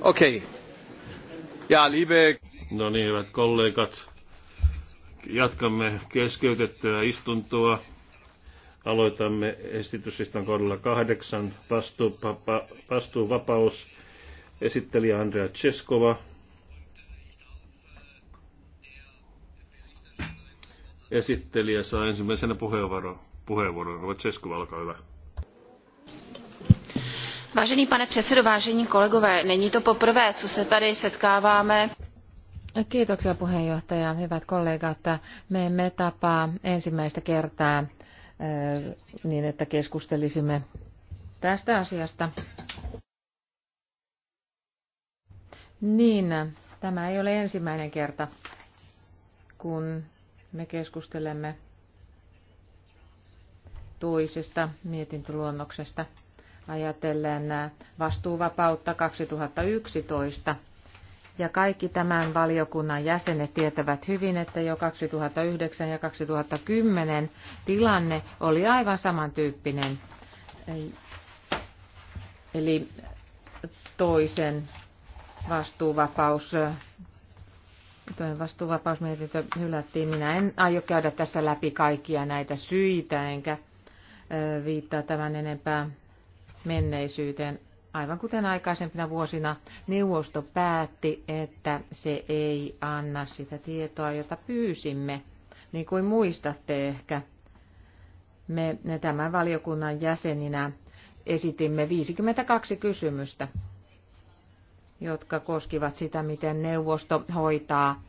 Okei. No. Ja, liebe... No niin, hyvät kollegat. Jatkamme keskeytettyä istuntoa. Aloitamme esityslistan kohdalla kahdeksan. vastuuvapaus. Esittelijä Andrea Cheskova. Esittelijä saa ensimmäisenä puheenvuoron. Puheenvuoron. Cheskova, olkaa hyvä. Vážený pane předsedo, vážení kolegové, není to poprvé, co se tady setkáváme. Kiitoksia puheenjohtaja, hyvät kollegat. Me emme tapaa ensimmäistä kertaa eh, niin, että keskustelisimme tästä asiasta. Niin, tämä ei ole ensimmäinen kerta, kun me keskustelemme toisesta mietintöluonnoksesta – ajatellen vastuuvapautta 2011. Ja kaikki tämän valiokunnan jäsenet tietävät hyvin, että jo 2009 ja 2010 tilanne oli aivan samantyyppinen. Eli toisen vastuuvapaus Toinen vastuuvapausmietintö hylättiin. Minä en aio käydä tässä läpi kaikkia näitä syitä, enkä viittaa tämän enempää menneisyyteen. Aivan kuten aikaisempina vuosina neuvosto päätti, että se ei anna sitä tietoa, jota pyysimme. Niin kuin muistatte ehkä, me tämän valiokunnan jäseninä esitimme 52 kysymystä, jotka koskivat sitä, miten neuvosto hoitaa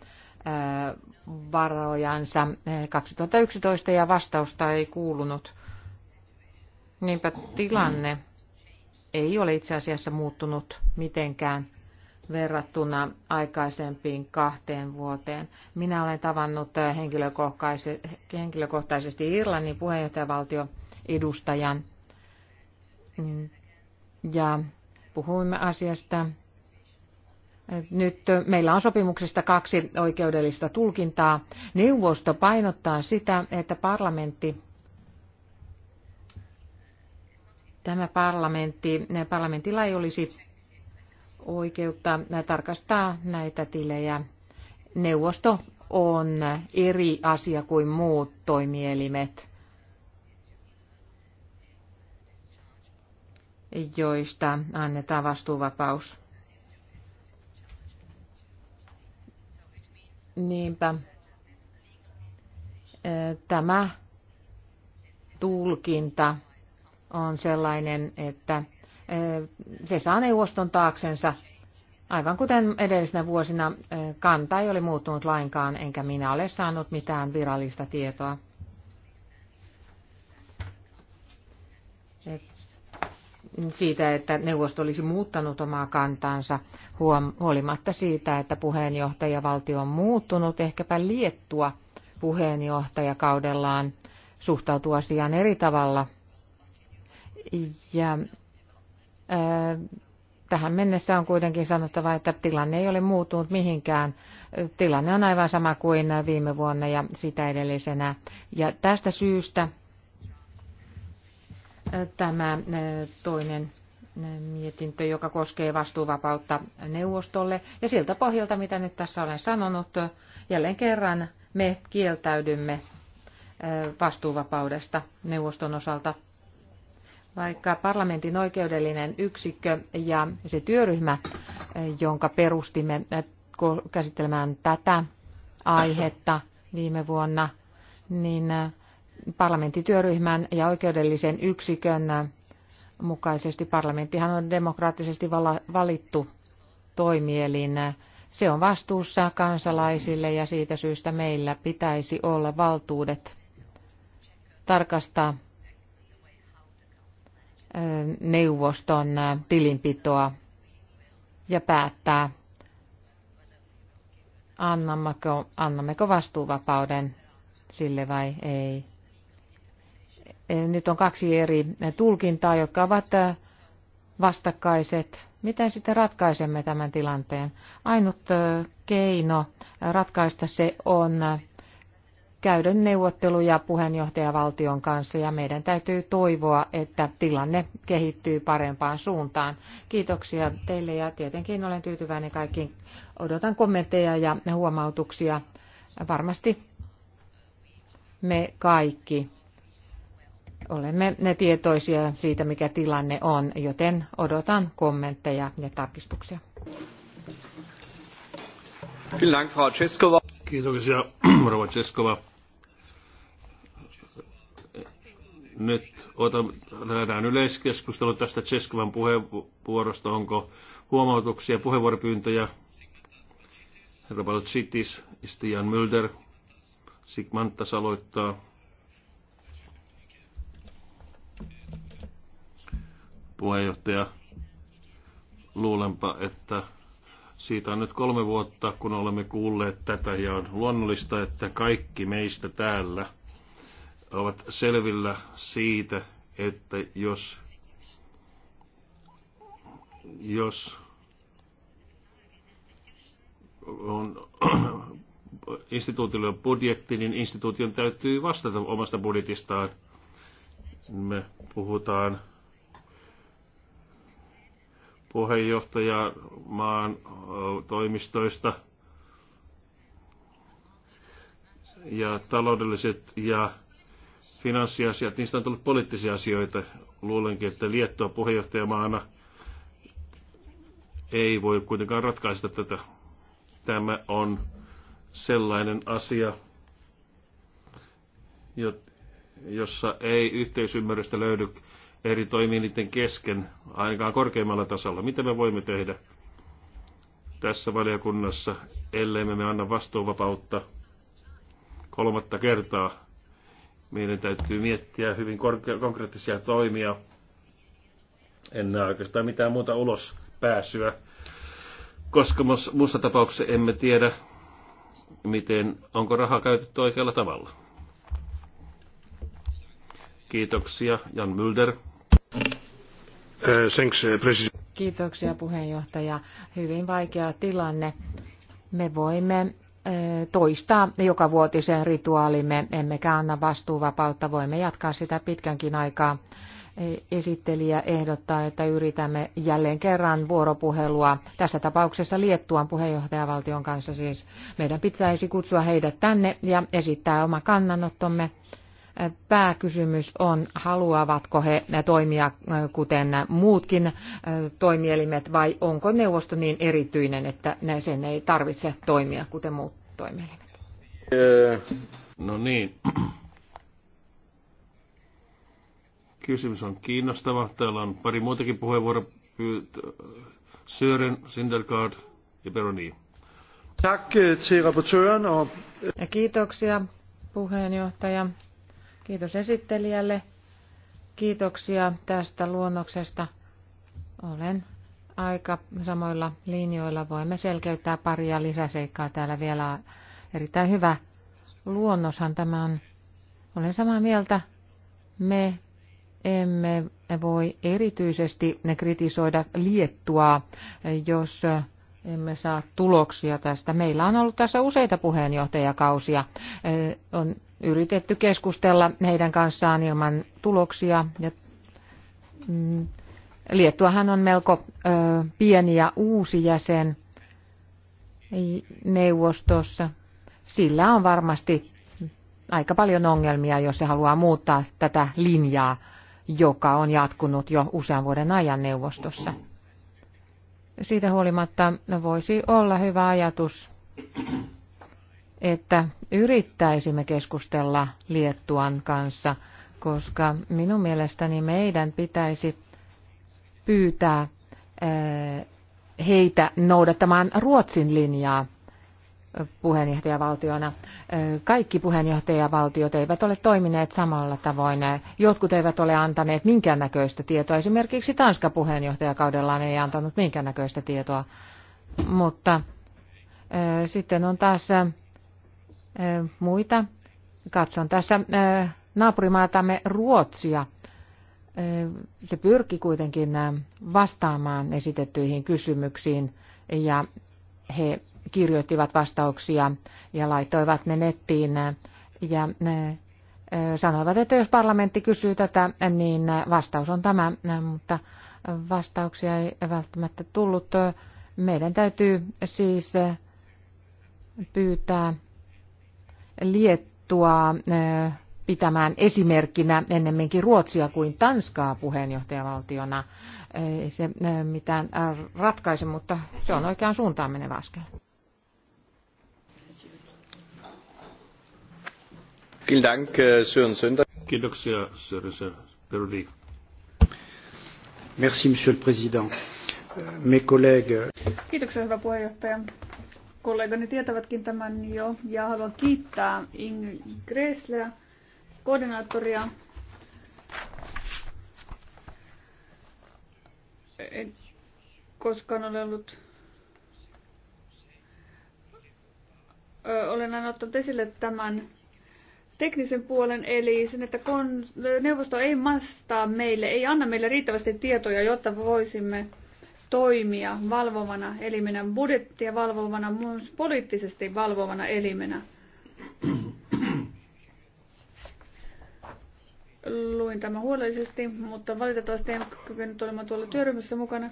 varojansa 2011 ja vastausta ei kuulunut. Niinpä tilanne. Mm ei ole itse asiassa muuttunut mitenkään verrattuna aikaisempiin kahteen vuoteen. Minä olen tavannut eh, henkilökohtaisesti Irlannin puheenjohtajavaltion edustajan mm, ja puhuimme asiasta. Nyt eh, meillä on sopimuksesta kaksi oikeudellista tulkintaa. Neuvosto painottaa sitä, että parlamentti tämä parlamentti, parlamentilla ei olisi oikeutta tarkastaa näitä tilejä. Neuvosto on eri asia kuin muut toimielimet, joista annetaan vastuuvapaus. Niinpä tämä tulkinta on sellainen, että eh, se saa neuvoston taaksensa. Aivan kuten edellisenä vuosina eh, kanta ei ole muuttunut lainkaan, enkä minä ole saanut mitään virallista tietoa. siitä, että neuvosto olisi muuttanut omaa kantaansa huolimatta siitä, että puheenjohtajavaltio on muuttunut, ehkäpä liettua puheenjohtajakaudellaan suhtautuu asiaan eri tavalla ja tähän mennessä on kuitenkin sanottava, että tilanne ei ole muuttunut mihinkään. Tilanne on aivan sama kuin viime vuonna ja sitä edellisenä. Ja tästä syystä tämä toinen mietintö, joka koskee vastuuvapautta neuvostolle. Ja siltä pohjalta, mitä nyt tässä olen sanonut, jälleen kerran me kieltäydymme vastuuvapaudesta neuvoston osalta vaikka parlamentin oikeudellinen yksikkö ja se työryhmä, jonka perustimme äh, käsittelemään tätä aihetta viime vuonna, niin äh, parlamenttityöryhmän ja oikeudellisen yksikön äh, mukaisesti parlamenttihan on demokraattisesti valittu toimielin. Se on vastuussa kansalaisille ja siitä syystä meillä pitäisi olla valtuudet tarkastaa neuvoston tilinpitoa ja päättää, annammeko, annammeko vastuuvapauden sille vai ei. E, nyt on kaksi eri tulkintaa, jotka ovat vastakkaiset. Miten sitten ratkaisemme tämän tilanteen? Ainut keino ratkaista se on käydä neuvotteluja puheenjohtajavaltion kanssa ja meidän täytyy toivoa, että tilanne kehittyy parempaan suuntaan. Kiitoksia teille ja tietenkin olen tyytyväinen kaikkiin. Odotan kommentteja ja huomautuksia. Varmasti me kaikki olemme ne tietoisia siitä, mikä tilanne on, joten odotan kommentteja ja tarkistuksia. Kiitoksia, Rova Ceskova. Nyt otetaan yleiskeskustelu tästä Cheskovan puheenvuorosta. Onko huomautuksia, puheenvuoropyyntöjä? Herra Balcitis, Istian Mulder, Sigmantas saloittaa. Puheenjohtaja, luulenpa, että siitä on nyt kolme vuotta, kun olemme kuulleet tätä ja on luonnollista, että kaikki meistä täällä – ovat selvillä siitä, että jos, jos on instituutilla on budjetti, niin instituution täytyy vastata omasta budjetistaan. Me puhutaan puheenjohtajamaan toimistoista ja taloudelliset ja finanssiasiat, niistä on tullut poliittisia asioita. Luulenkin, että Liettua puheenjohtajamaana ei voi kuitenkaan ratkaista tätä. Tämä on sellainen asia, jossa ei yhteisymmärrystä löydy eri toimijoiden kesken, ainakaan korkeimmalla tasolla. Mitä me voimme tehdä tässä valiokunnassa, ellei me anna vastuuvapautta kolmatta kertaa meidän täytyy miettiä hyvin konkreettisia toimia. En näe oikeastaan mitään muuta ulos pääsyä, koska muussa tapauksessa emme tiedä, miten, onko raha käytetty oikealla tavalla. Kiitoksia, Jan Mulder. Eh, Kiitoksia puheenjohtaja. Hyvin vaikea tilanne. Me voimme toistaa joka vuotisen rituaalimme, emmekä anna vastuuvapautta, voimme jatkaa sitä pitkänkin aikaa. Esittelijä ehdottaa, että yritämme jälleen kerran vuoropuhelua, tässä tapauksessa Liettuan puheenjohtajavaltion kanssa siis. Meidän pitäisi kutsua heidät tänne ja esittää oma kannanottomme pääkysymys on, haluavatko he toimia äh, kuten muutkin äh, toimielimet vai onko neuvosto niin erityinen, että sen ei tarvitse toimia kuten muut toimielimet? No niin. Kysymys on kiinnostava. Täällä on pari muutakin puheenvuoroa. Søren, Sindelgaard ja Peroni. Tack øh, till rapportören. Kiitoksia puheenjohtaja. Kiitos esittelijälle. Kiitoksia tästä luonnoksesta. Olen aika samoilla linjoilla. Voimme selkeyttää paria lisäseikkaa täällä vielä. Erittäin hyvä luonnoshan tämä on. Olen samaa mieltä. Me emme voi erityisesti ne kritisoida Liettua, jos emme saa tuloksia tästä. Meillä on ollut tässä useita puheenjohtajakausia. On yritetty keskustella heidän kanssaan ilman tuloksia. Ja, mm, Liettuahan on melko ö, pieni ja uusi jäsen neuvostossa. Sillä on varmasti aika paljon ongelmia, jos se haluaa muuttaa tätä linjaa, joka on jatkunut jo usean vuoden ajan neuvostossa. Siitä huolimatta voisi olla hyvä ajatus että yrittäisimme keskustella Liettuan kanssa, koska minun mielestäni meidän pitäisi pyytää eh, heitä noudattamaan Ruotsin linjaa puheenjohtajavaltiona. Eh, kaikki puheenjohtajavaltiot eivät ole toimineet samalla tavoin. Jotkut eivät ole antaneet minkäännäköistä tietoa. Esimerkiksi Tanska puheenjohtajakaudellaan ei antanut minkäännäköistä tietoa. Mutta eh, sitten on taas muita. Katson tässä naapurimaatamme Ruotsia. Se pyrki kuitenkin vastaamaan esitettyihin kysymyksiin ja he kirjoittivat vastauksia ja laitoivat ne nettiin ja sanoivat, että jos parlamentti kysyy tätä, niin vastaus on tämä, mutta vastauksia ei välttämättä tullut. Meidän täytyy siis pyytää Liettua pitämään esimerkkinä ennemminkin Ruotsia kuin Tanskaa puheenjohtajavaltiona. Ei se mitään ratkaise, mutta se on oikeaan suuntaan menevä askel. Äh, Kiitoksia, Sören Perli. Merci, monsieur le président. Mes collègues. Kiitoksia, hyvä puheenjohtaja kollegani tietävätkin tämän jo ja haluan kiittää Inge Gräsleä, koordinaattoria en koskaan ole ollut... Ö, olen aina ottanut esille tämän teknisen puolen, eli sen, että kon, neuvosto ei vastaa meille, ei anna meille riittävästi tietoja, jotta voisimme toimia valvovana elimenä, budjettia valvovana, myös poliittisesti valvovana elimenä. Luin tämä huolellisesti, mutta valitettavasti en kykenyt olemaan tuolla työryhmässä mukana.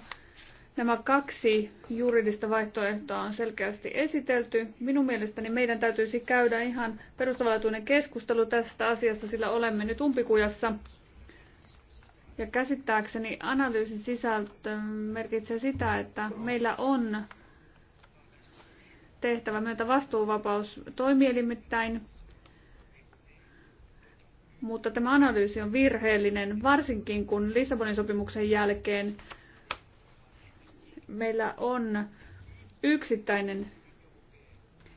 Nämä kaksi juridista vaihtoehtoa on selkeästi esitelty. Minun mielestäni meidän täytyisi käydä ihan perustavallatuinen keskustelu tästä asiasta, sillä olemme nyt umpikujassa – ja käsittääkseni analyysin sisältö merkitsee sitä, että meillä on tehtävä myötä vastuuvapaus toimielimittäin, mutta tämä analyysi on virheellinen, varsinkin kun Lissabonin sopimuksen jälkeen meillä on yksittäinen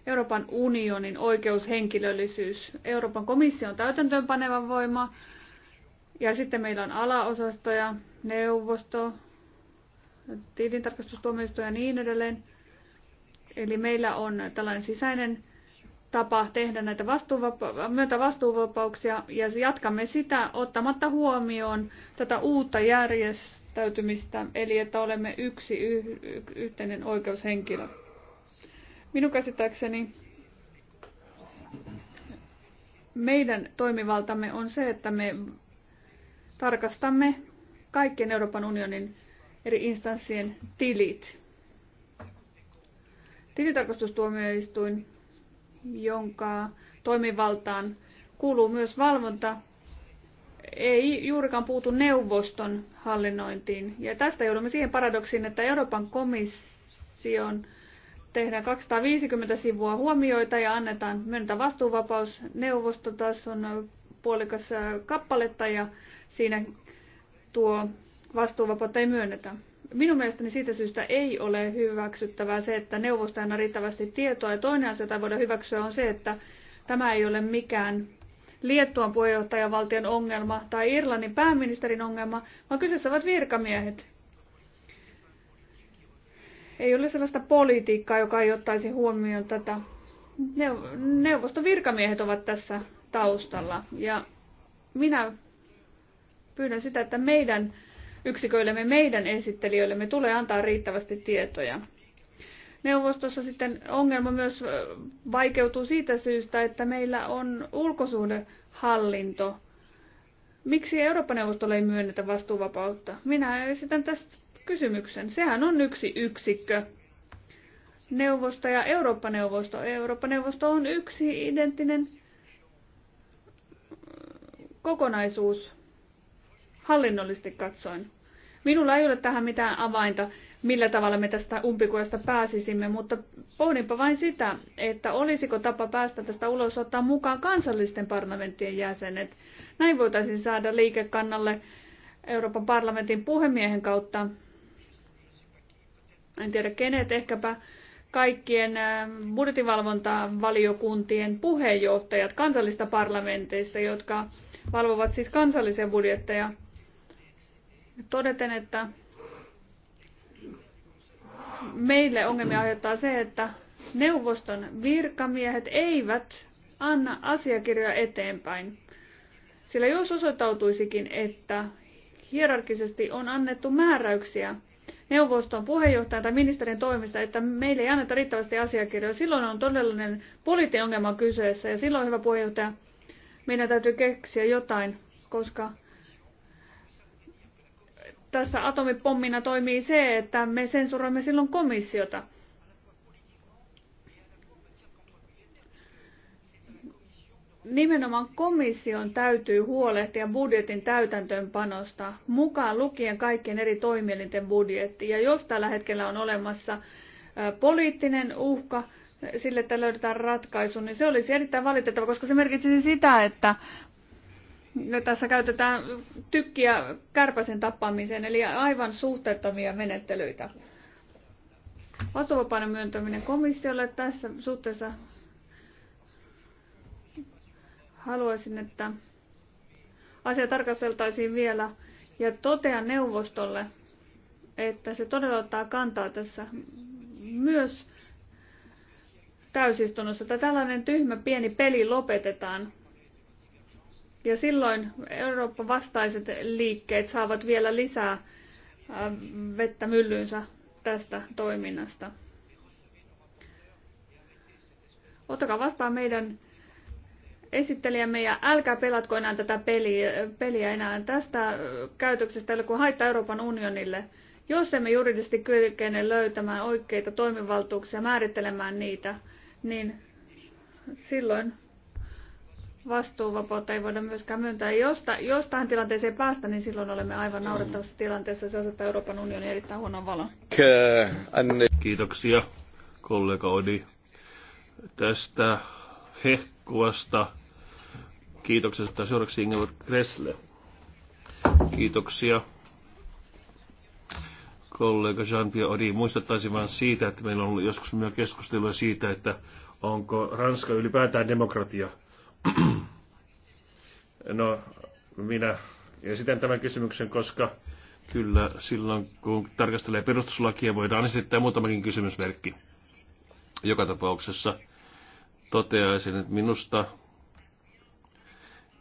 Euroopan unionin oikeushenkilöllisyys. Euroopan komission täytäntöönpaneva voima, ja sitten meillä on alaosastoja, neuvosto, tilintarkastustuomioistuin ja niin edelleen. Eli meillä on tällainen sisäinen tapa tehdä näitä vastuuvapa- myötä vastuuvapauksia ja jatkamme sitä ottamatta huomioon tätä uutta järjestäytymistä, eli että olemme yksi y- yhteinen oikeushenkilö. Minun käsittääkseni meidän toimivaltamme on se, että me tarkastamme kaikkien Euroopan unionin eri instanssien tilit. Tilitarkastustuomioistuin, jonka toimivaltaan kuuluu myös valvonta, ei juurikaan puutu neuvoston hallinnointiin. Ja tästä joudumme siihen paradoksiin, että Euroopan komission tehdään 250 sivua huomioita ja annetaan myöntä vastuuvapaus on puolikas kappaletta ja siinä tuo vastuuvapautta ei myönnetä. Minun mielestäni siitä syystä ei ole hyväksyttävää se, että neuvostajana on riittävästi tietoa. Ja toinen asia, jota voidaan hyväksyä, on se, että tämä ei ole mikään Liettuan puheenjohtajavaltion ongelma tai Irlannin pääministerin ongelma, vaan kyseessä ovat virkamiehet. Ei ole sellaista politiikkaa, joka ei ottaisi huomioon tätä. Neuvoston virkamiehet ovat tässä taustalla. Ja minä Pyydän sitä, että meidän yksiköillemme, meidän esittelijöillemme tulee antaa riittävästi tietoja. Neuvostossa sitten ongelma myös vaikeutuu siitä syystä, että meillä on ulkosuhdehallinto. Miksi Eurooppa-neuvostolle ei myönnetä vastuuvapautta? Minä esitän tästä kysymyksen. Sehän on yksi yksikkö. Neuvosto ja Eurooppa-neuvosto. Eurooppa-neuvosto on yksi identtinen kokonaisuus hallinnollisesti katsoen. Minulla ei ole tähän mitään avainta, millä tavalla me tästä umpikujasta pääsisimme, mutta pohdinpa vain sitä, että olisiko tapa päästä tästä ulos ottaa mukaan kansallisten parlamenttien jäsenet. Näin voitaisiin saada liikekannalle Euroopan parlamentin puhemiehen kautta. En tiedä kenet, ehkäpä kaikkien budjetinvalvontavaliokuntien puheenjohtajat kansallista parlamenteista, jotka valvovat siis kansallisia budjetteja – todeten, että meille ongelmia aiheuttaa se, että neuvoston virkamiehet eivät anna asiakirjoja eteenpäin. Sillä jos osoittautuisikin, että hierarkisesti on annettu määräyksiä neuvoston puheenjohtajan tai ministerin toimista, että meille ei anneta riittävästi asiakirjoja, silloin on todellinen poliittinen ongelma kyseessä ja silloin, hyvä puheenjohtaja, meidän täytyy keksiä jotain, koska tässä atomipommina toimii se, että me sensuroimme silloin komissiota. Nimenomaan komission täytyy huolehtia budjetin täytäntöönpanosta, mukaan lukien kaikkien eri toimielinten budjetti. Ja jos tällä hetkellä on olemassa poliittinen uhka, sille, että löydetään ratkaisu, niin se olisi erittäin valitettava, koska se merkitsisi sitä, että No, tässä käytetään tykkiä kärpäsen tappamiseen, eli aivan suhteettomia menettelyitä. Vastuvapainen myöntäminen komissiolle tässä suhteessa haluaisin, että asia tarkasteltaisiin vielä ja totean neuvostolle, että se todella ottaa kantaa tässä myös täysistunnossa, että tällainen tyhmä pieni peli lopetetaan ja silloin Euroopan vastaiset liikkeet saavat vielä lisää ähm, vettä myllyynsä tästä toiminnasta. Ottakaa vastaan meidän esittelijämme ja älkää pelatko enää tätä peliä, peliä enää tästä käytöksestä, kun haittaa Euroopan unionille. Jos emme juridisesti kykene löytämään oikeita toimivaltuuksia, määrittelemään niitä, niin silloin vastuuvapautta ei voida myöskään myöntää. Jos tähän tilanteeseen päästä, niin silloin olemme aivan naurettavassa tilanteessa. Se asettaa Euroopan unionin erittäin huonon valon. Kiitoksia kollega Odi tästä hehkuvasta kiitoksesta. Seuraavaksi Ingeborg Kressle. Kiitoksia kollega Jean-Pierre Odi. Muistuttaisin vain siitä, että meillä on ollut joskus myös keskustelua siitä, että onko Ranska ylipäätään demokratia. No, minä esitän tämän kysymyksen, koska kyllä silloin, kun tarkastelee perustuslakia, voidaan esittää muutamakin kysymysmerkki. Joka tapauksessa toteaisin, että minusta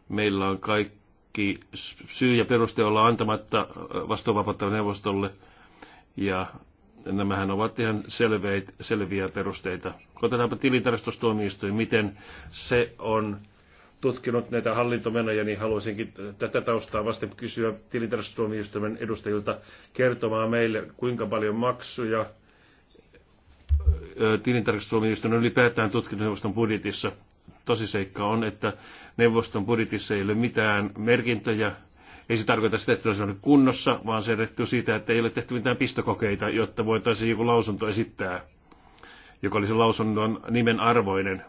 meillä on kaikki syy ja peruste olla antamatta vastuuvapautta neuvostolle. Ja nämähän ovat ihan selviä perusteita. Otetaanpa tilintarkastustuomioistuin, miten se on tutkinut näitä hallintomenoja, niin haluaisinkin tätä taustaa vasten kysyä tilintarkastustuomioistuimen edustajilta kertomaan meille, kuinka paljon maksuja tilintarkastustuomioistuin ylipäätään tutkintoneuvoston budjetissa. Tosiseikka on, että neuvoston budjetissa ei ole mitään merkintöjä. Ei se tarkoita sitä, että se on kunnossa, vaan se rettyy siitä, että ei ole tehty mitään pistokokeita, jotta voitaisiin joku lausunto esittää, joka olisi lausunnon nimen arvoinen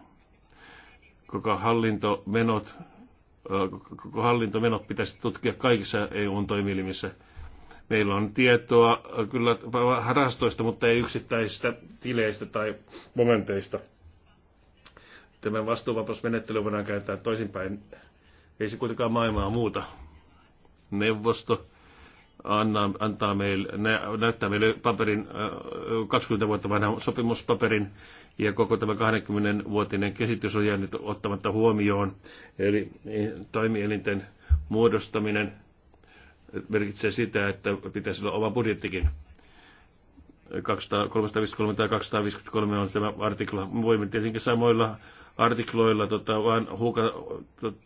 koko hallintomenot, koko hallintomenot pitäisi tutkia kaikissa EU-toimielimissä. Meillä on tietoa kyllä harastoista, mutta ei yksittäisistä tileistä tai momenteista. Tämän vastuuvapausmenettely voidaan käyttää toisinpäin. Ei se kuitenkaan maailmaa muuta. Neuvosto anna, antaa meille, nä, näyttää meille paperin, 20 äh, vuotta vanhan sopimuspaperin, ja koko tämä 20-vuotinen käsitys on jäänyt ottamatta huomioon. Eli eh, toimielinten muodostaminen merkitsee sitä, että pitäisi olla oma budjettikin. 353 tai 253 on tämä artikla. Me voimme tietenkin samoilla artikloilla tota, vaan huuka,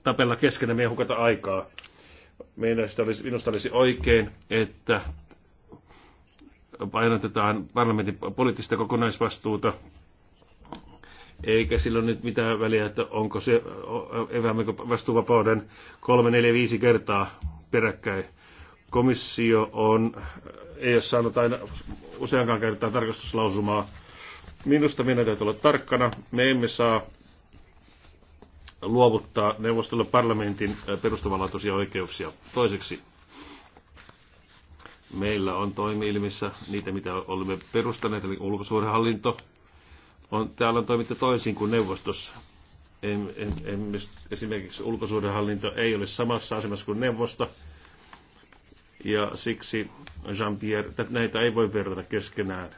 tapella keskenämme ja hukata aikaa. Meistä olisi, minusta olisi oikein, että painotetaan parlamentin poliittista kokonaisvastuuta, eikä silloin nyt mitään väliä, että onko se, eväämmekö vastuuvapauden kolme, neljä, viisi kertaa peräkkäin. Komissio on, ei ole saanut aina useankaan kertaa tarkastuslausumaa. Minusta meidän täytyy olla tarkkana. Me emme saa luovuttaa neuvostolle parlamentin äh, perustavanlaatuisia oikeuksia. Toiseksi, meillä on toimielimissä niitä, mitä olemme perustaneet, eli ulkosuurehallinto On, täällä on toimittu toisin kuin neuvostossa. En, en, en, esimerkiksi ulkosuurehallinto ei ole samassa asemassa kuin neuvosto. Ja siksi Jean-Pierre, näitä ei voi verrata keskenään.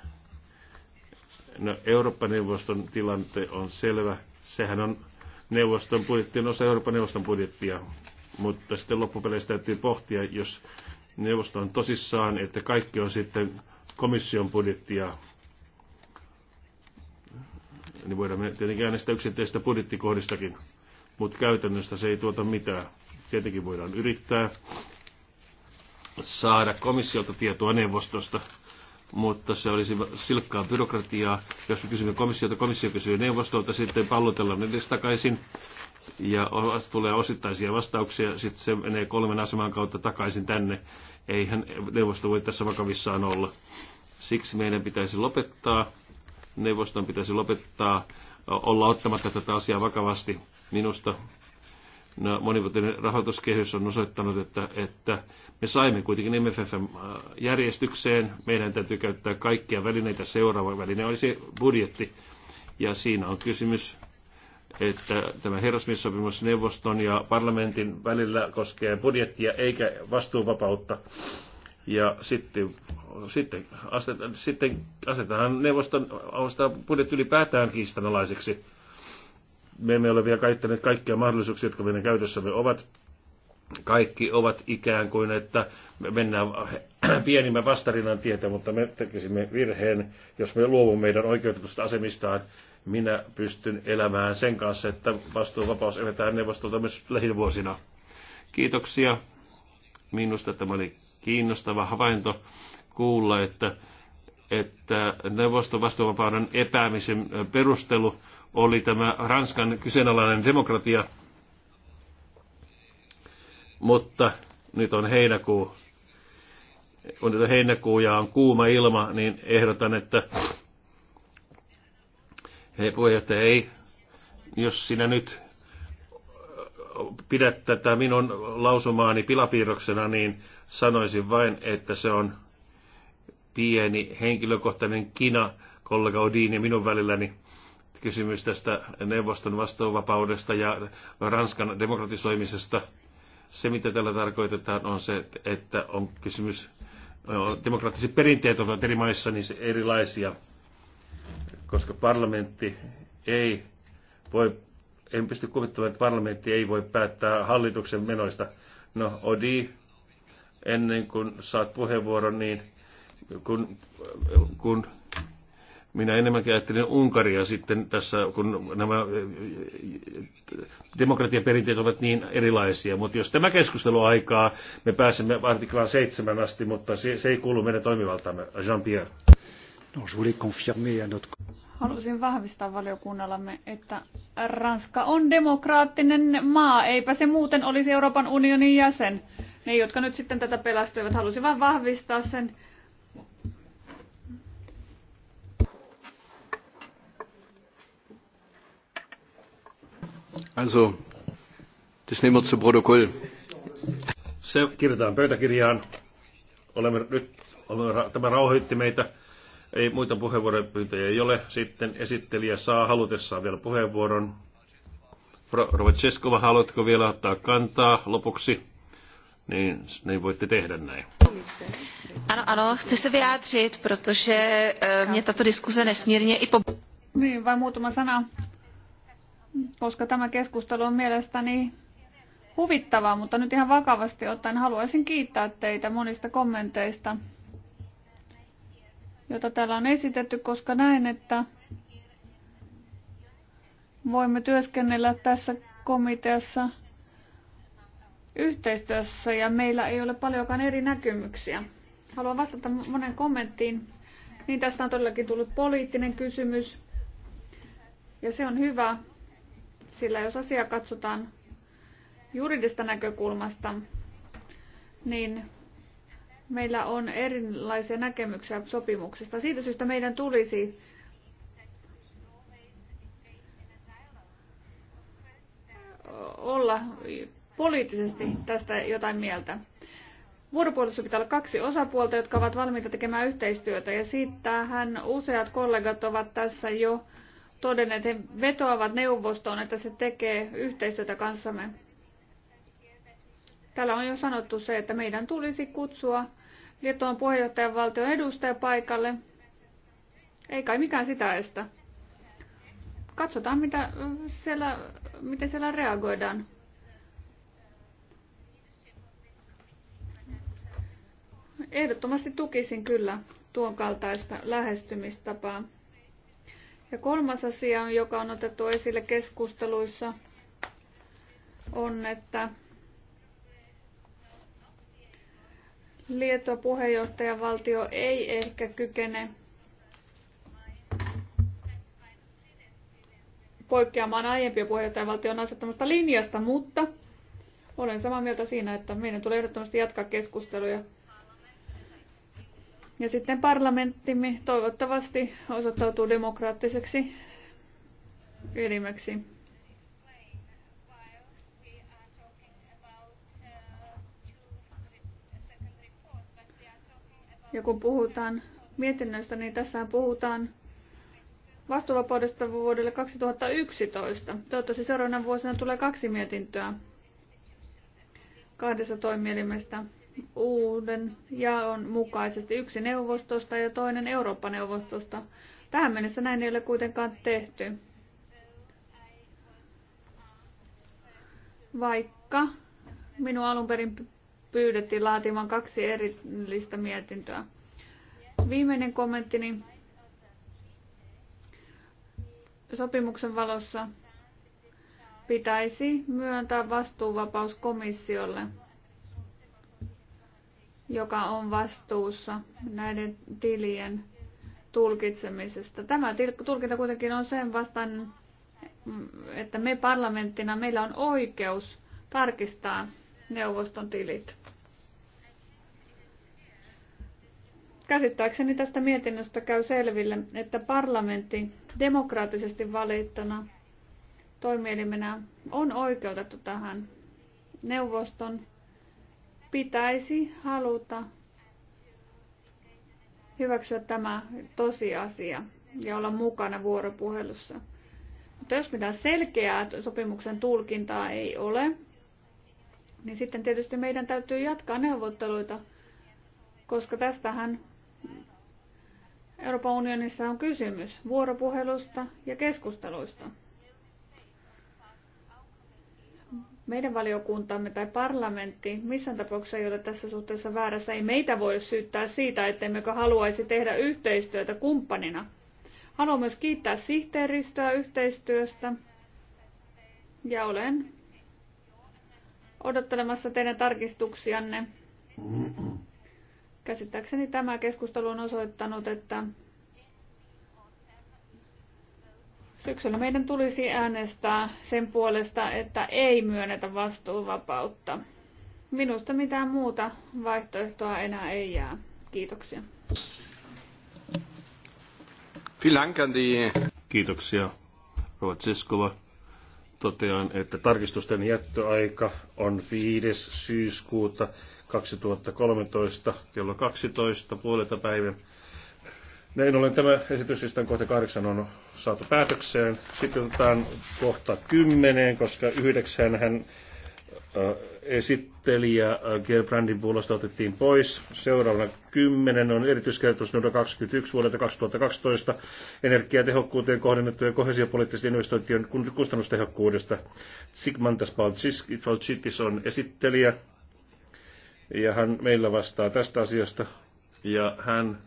No, Eurooppa-neuvoston tilante on selvä. Sehän on neuvoston budjetti on osa Euroopan neuvoston budjettia, mutta sitten loppupeleissä täytyy pohtia, jos neuvosto on tosissaan, että kaikki on sitten komission budjettia, niin voidaan tietenkin äänestää yksittäisistä budjettikohdistakin, mutta käytännössä se ei tuota mitään. Tietenkin voidaan yrittää saada komissiolta tietoa neuvostosta, mutta se olisi silkkaa byrokratiaa. Jos me kysymme komissiota, komissio kysyy neuvostolta, sitten pallotellaan edes takaisin ja tulee osittaisia vastauksia, sitten se menee kolmen aseman kautta takaisin tänne. Eihän neuvosto voi tässä vakavissaan olla. Siksi meidän pitäisi lopettaa, neuvoston pitäisi lopettaa olla ottamatta tätä asiaa vakavasti. Minusta No, monivuotinen rahoituskehys on osoittanut, että, että me saimme kuitenkin MFF-järjestykseen. Meidän täytyy käyttää kaikkia välineitä. Seuraava väline olisi budjetti. Ja siinä on kysymys, että tämä herrasmissopimus neuvoston ja parlamentin välillä koskee budjettia eikä vastuuvapautta. Ja sitten, sitten, asetetaan, sitten asetetaan neuvoston budjetti ylipäätään kiistanalaiseksi me emme ole vielä käyttäneet kaikkia mahdollisuuksia, jotka meidän käytössämme ovat. Kaikki ovat ikään kuin, että me mennään pienimmän vastarinnan tietä, mutta me tekisimme virheen, jos me luovumme meidän oikeutetusta asemistaan. Minä pystyn elämään sen kanssa, että vastuuvapaus eletään neuvostolta myös lähivuosina. Kiitoksia. Minusta tämä oli kiinnostava havainto kuulla, että, että neuvoston vastuuvapauden epäämisen perustelu oli tämä Ranskan kyseenalainen demokratia. Mutta nyt on heinäkuu. Kun nyt on heinäkuu ja on kuuma ilma, niin ehdotan, että hei puheenjohtaja, ei, jos sinä nyt pidät tätä minun lausumaani pilapiirroksena, niin sanoisin vain, että se on pieni henkilökohtainen kina kollega Odin ja minun välilläni kysymys tästä neuvoston vastuuvapaudesta ja Ranskan demokratisoimisesta. Se, mitä tällä tarkoitetaan, on se, että on kysymys, demokraattiset perinteet ovat eri maissa niin se erilaisia, koska parlamentti ei voi, en pysty kuvittamaan, että parlamentti ei voi päättää hallituksen menoista. No, Odi, ennen kuin saat puheenvuoron, niin kun, kun minä enemmänkin ajattelin Unkaria sitten tässä, kun nämä eh, demokratiaperinteet ovat niin erilaisia. Mutta jos tämä keskustelu aikaa, me pääsemme artiklaan seitsemän asti, mutta se, se ei kuulu meidän toimivaltaamme. Jean-Pierre. No, je notre... Halusin vahvistaa valiokunnallamme, että Ranska on demokraattinen maa, eipä se muuten olisi Euroopan unionin jäsen. Ne, jotka nyt sitten tätä pelästyivät, halusin vain vahvistaa sen Also, das nehmen wir zu Protokoll. Se kirjataan pöytäkirjaan. Olemme nyt, olemme, tämä rauhoitti meitä. Ei muita puheenvuoropyyntöjä ei ole. Sitten esittelijä saa halutessaan vielä puheenvuoron. Rovacheskova, haluatko vielä ottaa kantaa lopuksi? Niin, niin voitte tehdä näin. Ano, ano, chci se vyjádřit, protože eh, mě tato diskuze nesmírně i po... Niin, vain muutama sana koska tämä keskustelu on mielestäni huvittavaa, mutta nyt ihan vakavasti ottaen haluaisin kiittää teitä monista kommenteista, joita täällä on esitetty, koska näen, että voimme työskennellä tässä komiteassa yhteistyössä ja meillä ei ole paljonkaan eri näkymyksiä. Haluan vastata monen kommenttiin. Niin tästä on todellakin tullut poliittinen kysymys ja se on hyvä, sillä jos asia katsotaan juridista näkökulmasta, niin meillä on erilaisia näkemyksiä sopimuksesta. Siitä syystä meidän tulisi olla poliittisesti tästä jotain mieltä. Vuoropuolissa pitää olla kaksi osapuolta, jotka ovat valmiita tekemään yhteistyötä, ja siitähän useat kollegat ovat tässä jo todenneet, he vetoavat neuvostoon, että se tekee yhteistyötä kanssamme. Täällä on jo sanottu se, että meidän tulisi kutsua Liettuan puheenjohtajan valtion edustaja paikalle. Ei kai mikään sitä estä. Katsotaan, mitä siellä, miten siellä reagoidaan. Ehdottomasti tukisin kyllä tuon kaltaista lähestymistapaa. Ja kolmas asia, joka on otettu esille keskusteluissa, on, että Liettua puheenjohtajavaltio ei ehkä kykene poikkeamaan aiempien puheenjohtajavaltion asettamasta linjasta, mutta olen samaa mieltä siinä, että meidän tulee ehdottomasti jatkaa keskusteluja ja sitten parlamenttimme toivottavasti osoittautuu demokraattiseksi elimeksi. Ja kun puhutaan mietinnöistä, niin tässä puhutaan vastuuvapaudesta vuodelle 2011. Toivottavasti seuraavana vuosina tulee kaksi mietintöä kahdesta toimielimestä uuden jaon mukaisesti yksi neuvostosta ja toinen Eurooppa-neuvostosta. Tähän mennessä näin ei ole kuitenkaan tehty. Vaikka minua alun perin pyydettiin laatimaan kaksi erillistä mietintöä. Viimeinen kommenttini sopimuksen valossa pitäisi myöntää vastuuvapaus komissiolle – joka on vastuussa näiden tilien tulkitsemisesta. Tämä tulkinta kuitenkin on sen vastaan, että me parlamenttina meillä on oikeus tarkistaa neuvoston tilit. Käsittääkseni tästä mietinnöstä käy selville, että parlamentti demokraattisesti valittuna toimielimenä on oikeutettu tähän neuvoston pitäisi haluta hyväksyä tämä tosiasia ja olla mukana vuoropuhelussa. Mutta jos mitään selkeää sopimuksen tulkintaa ei ole, niin sitten tietysti meidän täytyy jatkaa neuvotteluita, koska tästähän Euroopan unionissa on kysymys vuoropuhelusta ja keskusteluista. meidän valiokuntamme tai parlamentti missään tapauksessa ei ole tässä suhteessa väärässä. Ei meitä voi syyttää siitä, ettemmekö haluaisi tehdä yhteistyötä kumppanina. Haluan myös kiittää sihteeristöä yhteistyöstä ja olen odottelemassa teidän tarkistuksianne. Käsittääkseni tämä keskustelu on osoittanut, että Syksyllä meidän tulisi äänestää sen puolesta, että ei myönnetä vastuuvapautta. Minusta mitään muuta vaihtoehtoa enää ei jää. Kiitoksia. Kiitoksia, Ruotsiskova. Totean, että tarkistusten jättöaika on 5. syyskuuta 2013 kello 12 puolelta päivän. Näin ollen tämä tämän kohta kahdeksan on saatu päätökseen. Sitten otetaan kohta kymmeneen, koska yhdeksän hän esittelijä Gerbrandin puolesta otettiin pois. Seuraavana 10 on erityiskertomus numero 21 vuodelta 2012 energiatehokkuuteen kohdennettujen kohesiopoliittisten investointien kustannustehokkuudesta. Sigmantas Palcitis on esittelijä ja hän meillä vastaa tästä asiasta ja hän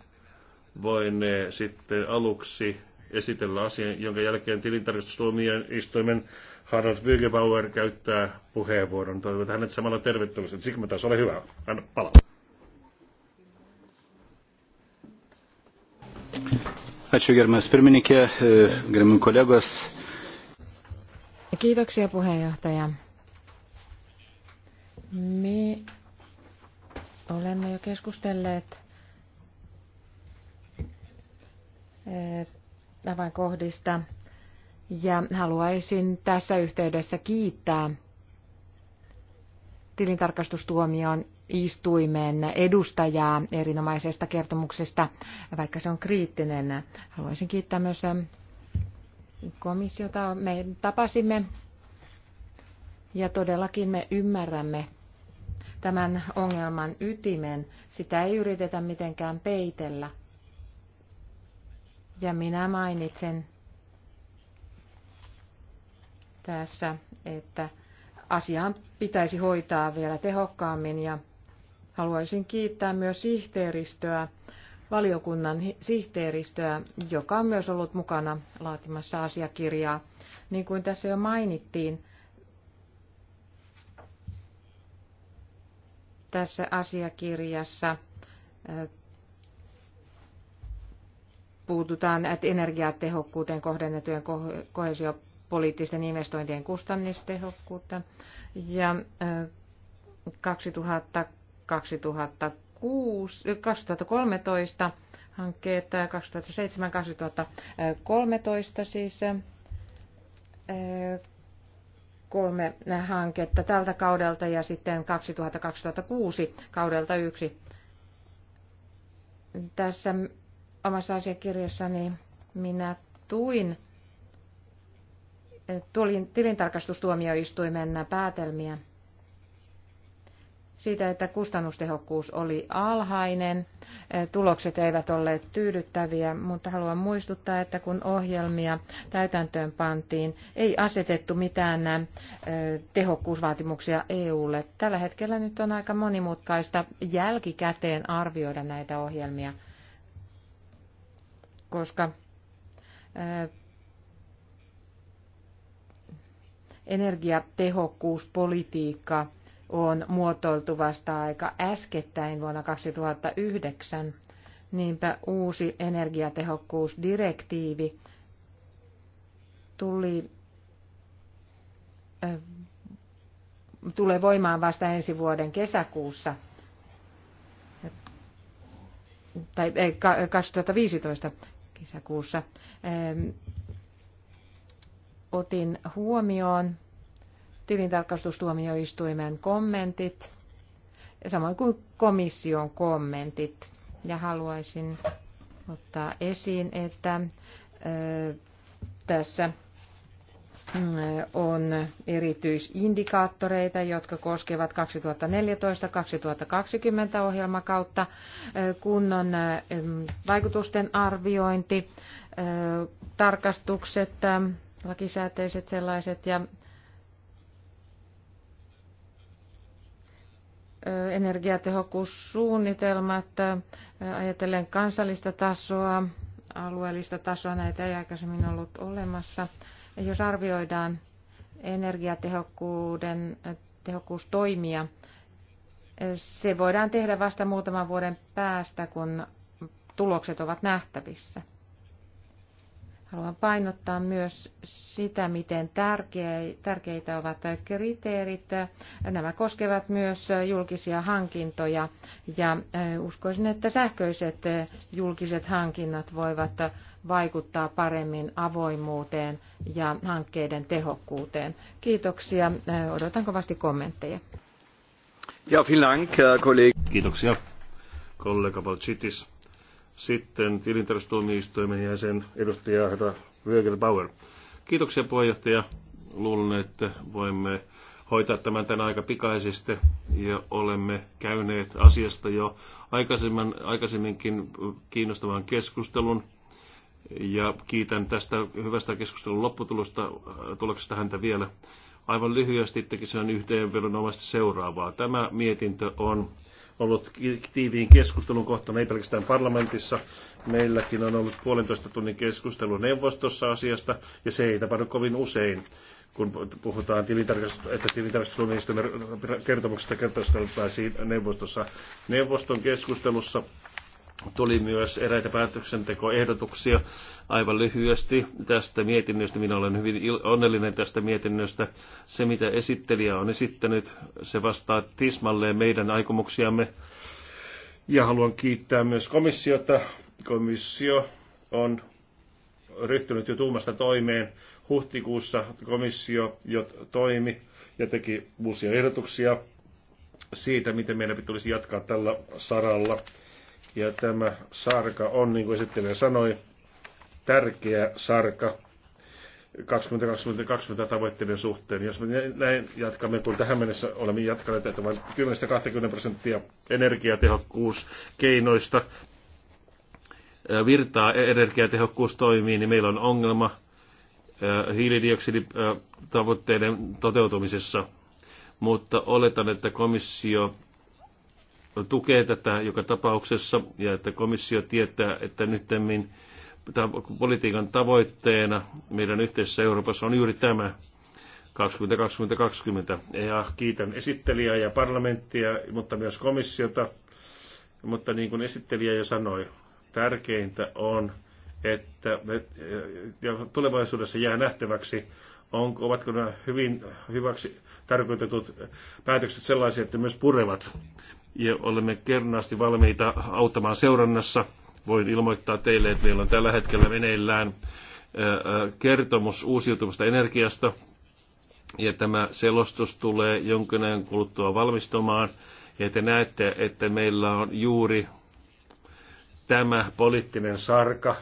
voin eh, sitten aluksi esitellä asian, jonka jälkeen istuimen Harald Bügebauer käyttää puheenvuoron. Toivotan hänet samalla tervetulleeksi. Sigma taas ole hyvä. Anna palaa. Ačiū gerbiamas pirmininkė, e, gerbiami kolegos. Kiitoksia puheenjohtaja. Me olemme jo keskustelleet avainkohdista. Ja haluaisin tässä yhteydessä kiittää tilintarkastustuomion istuimen edustajaa erinomaisesta kertomuksesta, vaikka se on kriittinen. Haluaisin kiittää myös komissiota. Me tapasimme ja todellakin me ymmärrämme tämän ongelman ytimen. Sitä ei yritetä mitenkään peitellä. Ja minä mainitsen tässä, että asiaan pitäisi hoitaa vielä tehokkaammin ja haluaisin kiittää myös sihteeristöä, valiokunnan sihteeristöä, joka on myös ollut mukana laatimassa asiakirjaa. Niin kuin tässä jo mainittiin, tässä asiakirjassa puututaan energiatehokkuuteen kohdennettujen kohesiopoliittisten investointien kustannustehokkuutta. Ja 2000, 2006, 2013 hankkeet, 2007-2013 siis kolme hanketta tältä kaudelta ja sitten 2000-2006 kaudelta yksi. Tässä omassa asiakirjassani minä tuin tilintarkastustuomioistuimen päätelmiä siitä, että kustannustehokkuus oli alhainen, tulokset eivät olleet tyydyttäviä, mutta haluan muistuttaa, että kun ohjelmia täytäntöön pantiin, ei asetettu mitään tehokkuusvaatimuksia EUlle. Tällä hetkellä nyt on aika monimutkaista jälkikäteen arvioida näitä ohjelmia – koska energiatehokkuuspolitiikka on muotoiltu vasta aika äskettäin vuonna 2009. Niinpä uusi energiatehokkuusdirektiivi tuli, äh, tulee voimaan vasta ensi vuoden kesäkuussa tai ei, 2015 kesäkuussa. Otin huomioon tilintarkastustuomioistuimen kommentit, samoin kuin komission kommentit. Ja haluaisin ottaa esiin, että tässä on erityisindikaattoreita, jotka koskevat 2014-2020 ohjelmakautta, kunnon vaikutusten arviointi, tarkastukset, lakisääteiset sellaiset ja energiatehokkuussuunnitelmat, ajatellen kansallista tasoa, alueellista tasoa, näitä ei aikaisemmin ollut olemassa. Jos arvioidaan energiatehokkuuden tehokkuustoimia, se voidaan tehdä vasta muutaman vuoden päästä, kun tulokset ovat nähtävissä. Haluan painottaa myös sitä, miten tärkeitä ovat kriteerit. Nämä koskevat myös julkisia hankintoja ja uskoisin, että sähköiset julkiset hankinnat voivat vaikuttaa paremmin avoimuuteen ja hankkeiden tehokkuuteen. Kiitoksia. Äh, odotan kovasti kommentteja. Ja, dank, Kiitoksia, kollega Balcitis. Sitten tilintarvistuomioistuimen jäsen edustaja herra Bauer. Kiitoksia puheenjohtaja. Luulen, että voimme hoitaa tämän tänä aika pikaisesti ja olemme käyneet asiasta jo aikaisemmin, aikaisemminkin kiinnostavan keskustelun ja kiitän tästä hyvästä keskustelun lopputulosta äh, tuloksesta häntä vielä. Aivan lyhyesti yhteen yhteenvedonomaisesti seuraavaa. Tämä mietintö on ollut tiiviin keskustelun kohtana, ei pelkästään parlamentissa. Meilläkin on ollut puolentoista tunnin keskustelu neuvostossa asiasta, ja se ei tapahdu kovin usein, kun puhutaan tilintarkastus, kertomuksesta kertomuksesta neuvostossa. Neuvoston keskustelussa tuli myös eräitä päätöksentekoehdotuksia aivan lyhyesti tästä mietinnöstä. Minä olen hyvin onnellinen tästä mietinnöstä. Se, mitä esittelijä on esittänyt, se vastaa tismalleen meidän aikomuksiamme. Ja haluan kiittää myös komissiota. Komissio on ryhtynyt jo tuumasta toimeen. Huhtikuussa komissio jo toimi ja teki uusia ehdotuksia siitä, miten meidän tulisi jatkaa tällä saralla. Ja tämä sarka on, niin kuin esittelijä sanoi, tärkeä sarka 2020 tavoitteiden suhteen. Jos me näin jatkamme, kun tähän mennessä olemme jatkaneet, että vain 10-20 prosenttia energiatehokkuuskeinoista virtaa e- energiatehokkuustoimiin, niin meillä on ongelma hiilidioksiditavoitteiden toteutumisessa. Mutta oletan, että komissio tukee tätä joka tapauksessa ja että komissio tietää, että nyt politiikan tavoitteena meidän yhteisessä Euroopassa on juuri tämä 2020-2020. Ja kiitän esittelijää ja parlamenttia, mutta myös komissiota. Mutta niin kuin esittelijä jo sanoi, tärkeintä on, että me, ja tulevaisuudessa jää nähtäväksi, on, ovatko nämä hyvin hyväksi tarkoitetut päätökset sellaisia, että myös purevat ja olemme kernaasti valmiita auttamaan seurannassa. Voin ilmoittaa teille, että meillä on tällä hetkellä meneillään kertomus uusiutuvasta energiasta, ja tämä selostus tulee jonkin ajan kuluttua valmistumaan. Ja te näette, että meillä on juuri tämä poliittinen sarka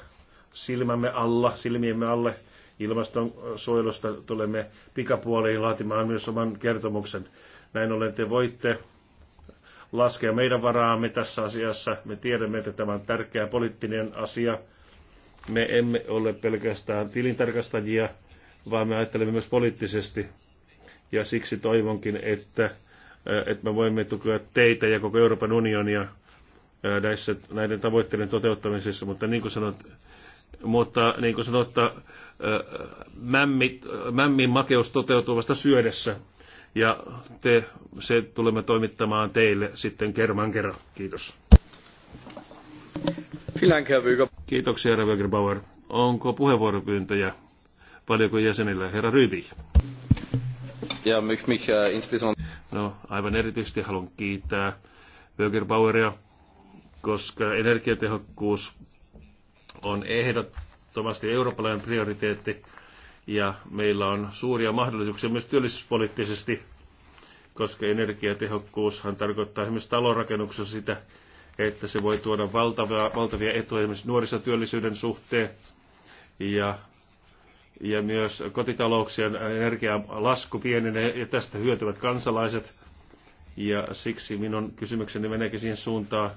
silmämme alla, silmiemme alle. Ilmastonsuojelusta tulemme pikapuoliin laatimaan myös oman kertomuksen. Näin ollen te voitte laskea meidän varaamme tässä asiassa. Me tiedämme, että tämä on tärkeä poliittinen asia. Me emme ole pelkästään tilintarkastajia, vaan me ajattelemme myös poliittisesti. Ja siksi toivonkin, että, äh, että me voimme tukea teitä ja koko Euroopan unionia äh, näissä, näiden tavoitteiden toteuttamisessa, mutta niin kuin sanot, mutta niin kuin sanot, äh, mämmi, mämmin makeus toteutuu vasta syödessä ja te, se tulemme toimittamaan teille sitten kerman kerran. Kiitos. Kiitoksia, herra Wegerbauer. Onko puheenvuoropyyntöjä valiokunnan jäsenillä? Herra Ryby. Ja mich, mich, äh, insbesondere... No, aivan erityisesti haluan kiittää Wegerbaueria, koska energiatehokkuus on ehdottomasti eurooppalainen prioriteetti ja meillä on suuria mahdollisuuksia myös työllisyyspoliittisesti, koska energiatehokkuushan tarkoittaa esimerkiksi talonrakennuksessa sitä, että se voi tuoda valtavia, valtavia etuja esimerkiksi nuorisotyöllisyyden suhteen ja, ja myös kotitalouksien energialasku lasku pienenee ja tästä hyötyvät kansalaiset. Ja siksi minun kysymykseni meneekin siihen suuntaan,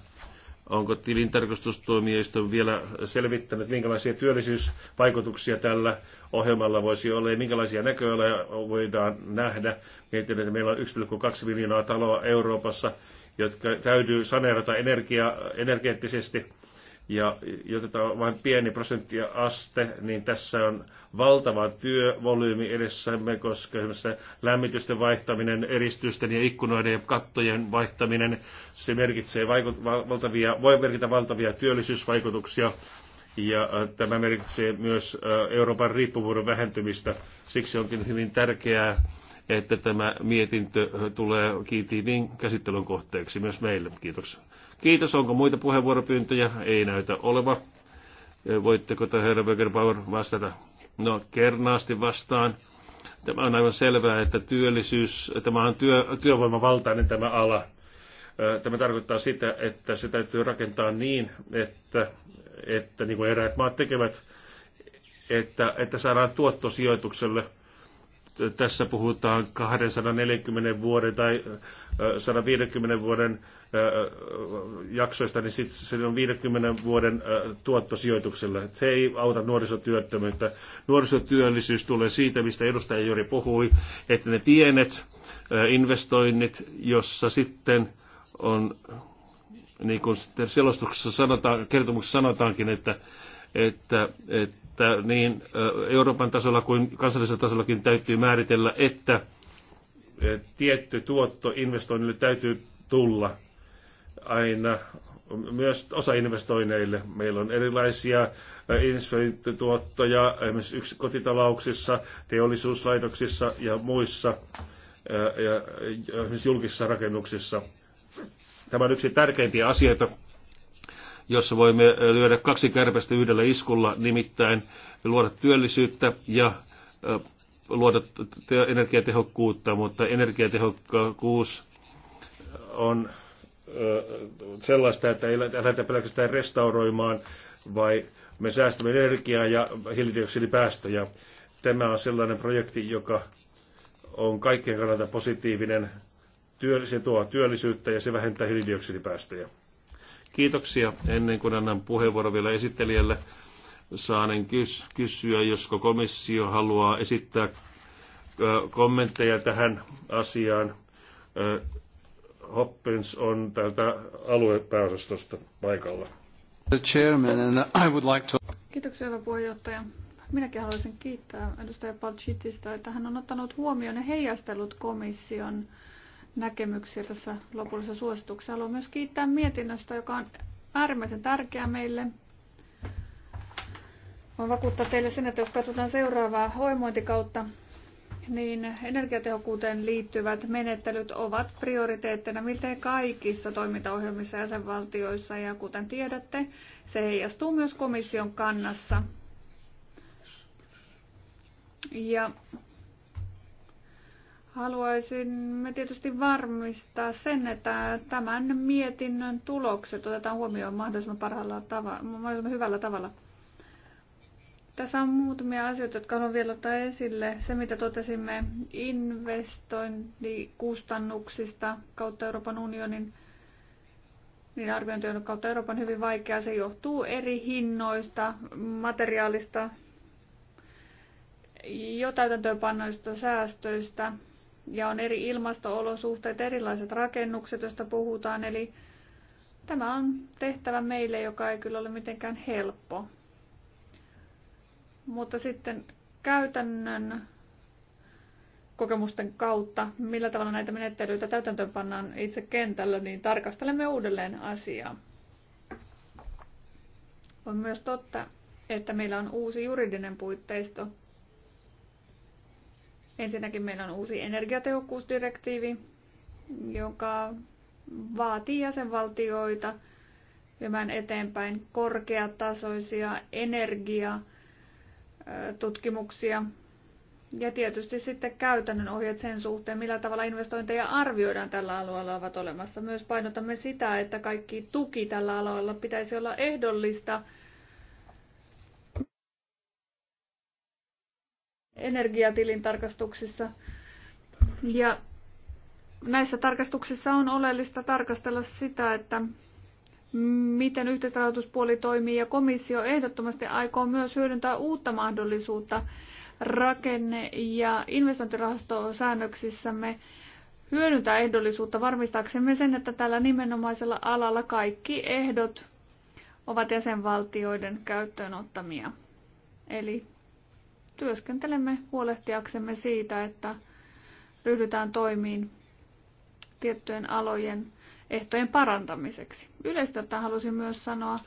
Onko tilintarkastustuomioistuin vielä selvittänyt, minkälaisia työllisyysvaikutuksia tällä ohjelmalla voisi olla ja minkälaisia näköaloja voidaan nähdä? Mietin, että meillä on 1,2 miljoonaa taloa Euroopassa, jotka täytyy saneerata energia, energeettisesti ja otetaan vain pieni prosenttia aste, niin tässä on valtava työvolyymi edessämme, koska esimerkiksi lämmitysten vaihtaminen, eristysten ja ikkunoiden ja kattojen vaihtaminen, se merkitsee vaikut- valtavia, voi merkitä valtavia työllisyysvaikutuksia, ja äh, tämä merkitsee myös äh, Euroopan riippuvuuden vähentymistä. Siksi onkin hyvin tärkeää, että tämä mietintö äh, tulee kiitiin käsittelyn kohteeksi myös meille. Kiitoksia. Kiitos. Onko muita puheenvuoropyyntöjä? Ei näytä oleva. Voitteko tämä herra Bögerpower, vastata? No, kernaasti vastaan. Tämä on aivan selvää, että työllisyys, tämä on työ, työvoimavaltainen tämä ala. Tämä tarkoittaa sitä, että se täytyy rakentaa niin, että, että niin kuin eräät maat tekevät, että, että saadaan tuotto sijoitukselle – tässä puhutaan 240 vuoden tai 150 vuoden jaksoista, niin sitten se on 50 vuoden tuottosijoituksella. Se ei auta nuorisotyöttömyyttä. Nuorisotyöllisyys tulee siitä, mistä edustaja Jori puhui, että ne pienet investoinnit, jossa sitten on, niin kuin selostuksessa sanotaan, kertomuksessa sanotaankin, että että, että niin Euroopan tasolla kuin kansallisella tasollakin täytyy määritellä, että tietty tuotto investoinnille täytyy tulla aina myös osa investoinneille. Meillä on erilaisia investointituottoja esimerkiksi yksi kotitalouksissa, teollisuuslaitoksissa ja muissa ja julkisissa rakennuksissa. Tämä on yksi tärkeimpiä asioita, jossa voimme lyödä kaksi kärpästä yhdellä iskulla, nimittäin luoda työllisyyttä ja luoda energiatehokkuutta, mutta energiatehokkuus on sellaista, että ei lähdetä pelkästään restauroimaan, vai me säästämme energiaa ja hiilidioksidipäästöjä. Tämä on sellainen projekti, joka on kaikkien kannalta positiivinen. Se tuo työllisyyttä ja se vähentää hiilidioksidipäästöjä. Kiitoksia. Ennen kuin annan puheenvuoron vielä esittelijälle, saanen kys- kysyä, josko komissio haluaa esittää kommentteja tähän asiaan. Hoppins on tältä aluepääosastosta paikalla. Kiitoksia, hyvä puheenjohtaja. Minäkin haluaisin kiittää edustaja Palchitista, että hän on ottanut huomioon ja heijastellut komission näkemyksiä tässä lopullisessa suosituksessa. Haluan myös kiittää mietinnöstä, joka on äärimmäisen tärkeä meille. Voin vakuuttaa teille sen, että jos katsotaan seuraavaa hoimointikautta, niin energiatehokkuuteen liittyvät menettelyt ovat prioriteettina miltei kaikissa toimintaohjelmissa jäsenvaltioissa ja kuten tiedätte, se heijastuu myös komission kannassa. Ja me tietysti varmistaa sen, että tämän mietinnön tulokset otetaan huomioon mahdollisimman, parhaalla tava- mahdollisimman hyvällä tavalla. Tässä on muutamia asioita, jotka haluan vielä ottaa esille. Se, mitä totesimme investointikustannuksista kautta Euroopan unionin, niin arviointi on kautta Euroopan hyvin vaikeaa. Se johtuu eri hinnoista, materiaalista, jo täytäntöönpannoista säästöistä – ja on eri ilmastoolosuhteet, erilaiset rakennukset, joista puhutaan. Eli tämä on tehtävä meille, joka ei kyllä ole mitenkään helppo. Mutta sitten käytännön kokemusten kautta, millä tavalla näitä menettelyitä täytäntöön pannaan itse kentällä, niin tarkastelemme uudelleen asiaa. On myös totta, että meillä on uusi juridinen puitteisto Ensinnäkin meillä on uusi energiatehokkuusdirektiivi, joka vaatii jäsenvaltioita viemään eteenpäin korkeatasoisia energiatutkimuksia ja tietysti sitten käytännön ohjeet sen suhteen, millä tavalla investointeja arvioidaan tällä alueella ovat olemassa. Myös painotamme sitä, että kaikki tuki tällä alueella pitäisi olla ehdollista energiatilintarkastuksissa. Ja näissä tarkastuksissa on oleellista tarkastella sitä, että miten yhteisrahoituspuoli toimii ja komissio ehdottomasti aikoo myös hyödyntää uutta mahdollisuutta rakenne- ja investointirahastosäännöksissämme hyödyntää ehdollisuutta varmistaaksemme sen, että tällä nimenomaisella alalla kaikki ehdot ovat jäsenvaltioiden käyttöön ottamia. Eli työskentelemme huolehtiaksemme siitä, että ryhdytään toimiin tiettyjen alojen ehtojen parantamiseksi. Yleisesti ottaen halusin myös sanoa,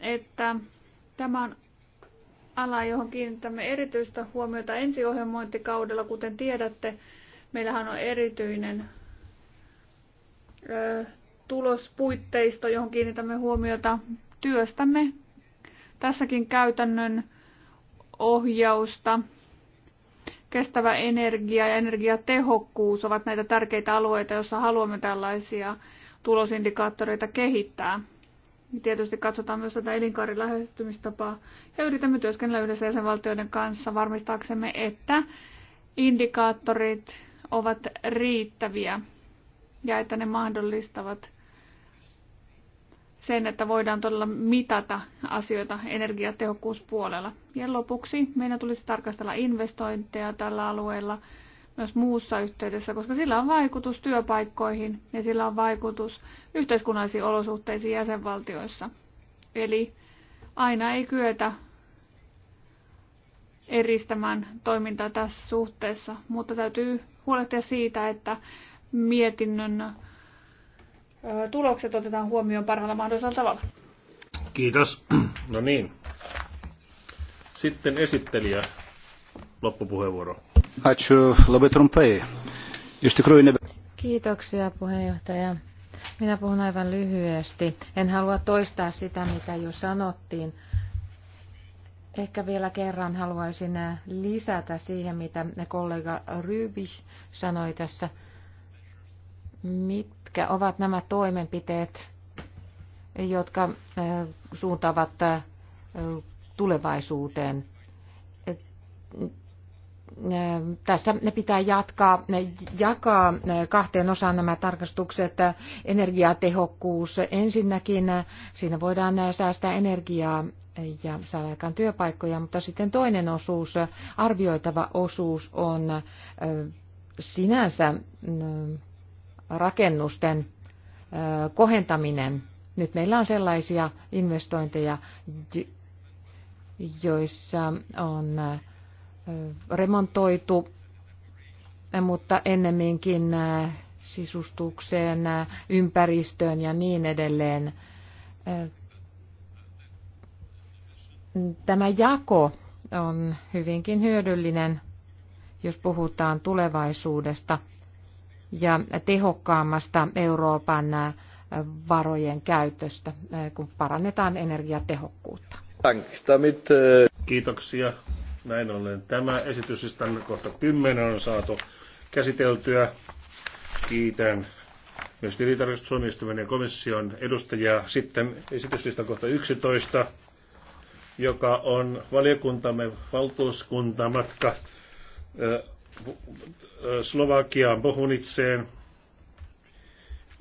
että tämä on ala, johon kiinnitämme erityistä huomiota ensiohjelmointikaudella. Kuten tiedätte, meillähän on erityinen ö, tulospuitteisto, johon kiinnitämme huomiota. Työstämme tässäkin käytännön ohjausta, kestävä energia ja energiatehokkuus ovat näitä tärkeitä alueita, joissa haluamme tällaisia tulosindikaattoreita kehittää. Tietysti katsotaan myös tätä elinkaarin lähestymistapaa ja yritämme työskennellä yhdessä jäsenvaltioiden kanssa varmistaaksemme, että indikaattorit ovat riittäviä ja että ne mahdollistavat sen, että voidaan todella mitata asioita energiatehokkuuspuolella. Ja lopuksi meidän tulisi tarkastella investointeja tällä alueella myös muussa yhteydessä, koska sillä on vaikutus työpaikkoihin ja sillä on vaikutus yhteiskunnallisiin olosuhteisiin jäsenvaltioissa. Eli aina ei kyetä eristämään toimintaa tässä suhteessa, mutta täytyy huolehtia siitä, että mietinnön tulokset otetaan huomioon parhaalla mahdollisella tavalla. Kiitos. No niin. Sitten esittelijä loppupuheenvuoro. Kiitoksia puheenjohtaja. Minä puhun aivan lyhyesti. En halua toistaa sitä, mitä jo sanottiin. Ehkä vielä kerran haluaisin äh, lisätä siihen, mitä kollega Ryby sanoi tässä. Mit, mitkä ovat nämä toimenpiteet, jotka suuntaavat tulevaisuuteen. Tässä ne pitää jatkaa, jakaa kahteen osaan nämä tarkastukset. Energiatehokkuus ensinnäkin, siinä voidaan säästää energiaa ja saada aikaan työpaikkoja, mutta sitten toinen osuus, arvioitava osuus on sinänsä rakennusten kohentaminen. Nyt meillä on sellaisia investointeja, joissa on remontoitu, mutta ennemminkin sisustukseen, ympäristöön ja niin edelleen. Tämä jako on hyvinkin hyödyllinen, jos puhutaan tulevaisuudesta ja tehokkaammasta Euroopan äh, varojen käytöstä, äh, kun parannetaan energiatehokkuutta. Äh, Kiitoksia. Näin ollen tämä esitys, siis tänne kohta 10 on saatu käsiteltyä. Kiitän myös tilitarkastustuomioistuimen ja komission edustajia. Sitten esityslistan kohta 11, joka on valiokuntamme valtuuskuntamatka Äh, Slovakiaan Bohunitseen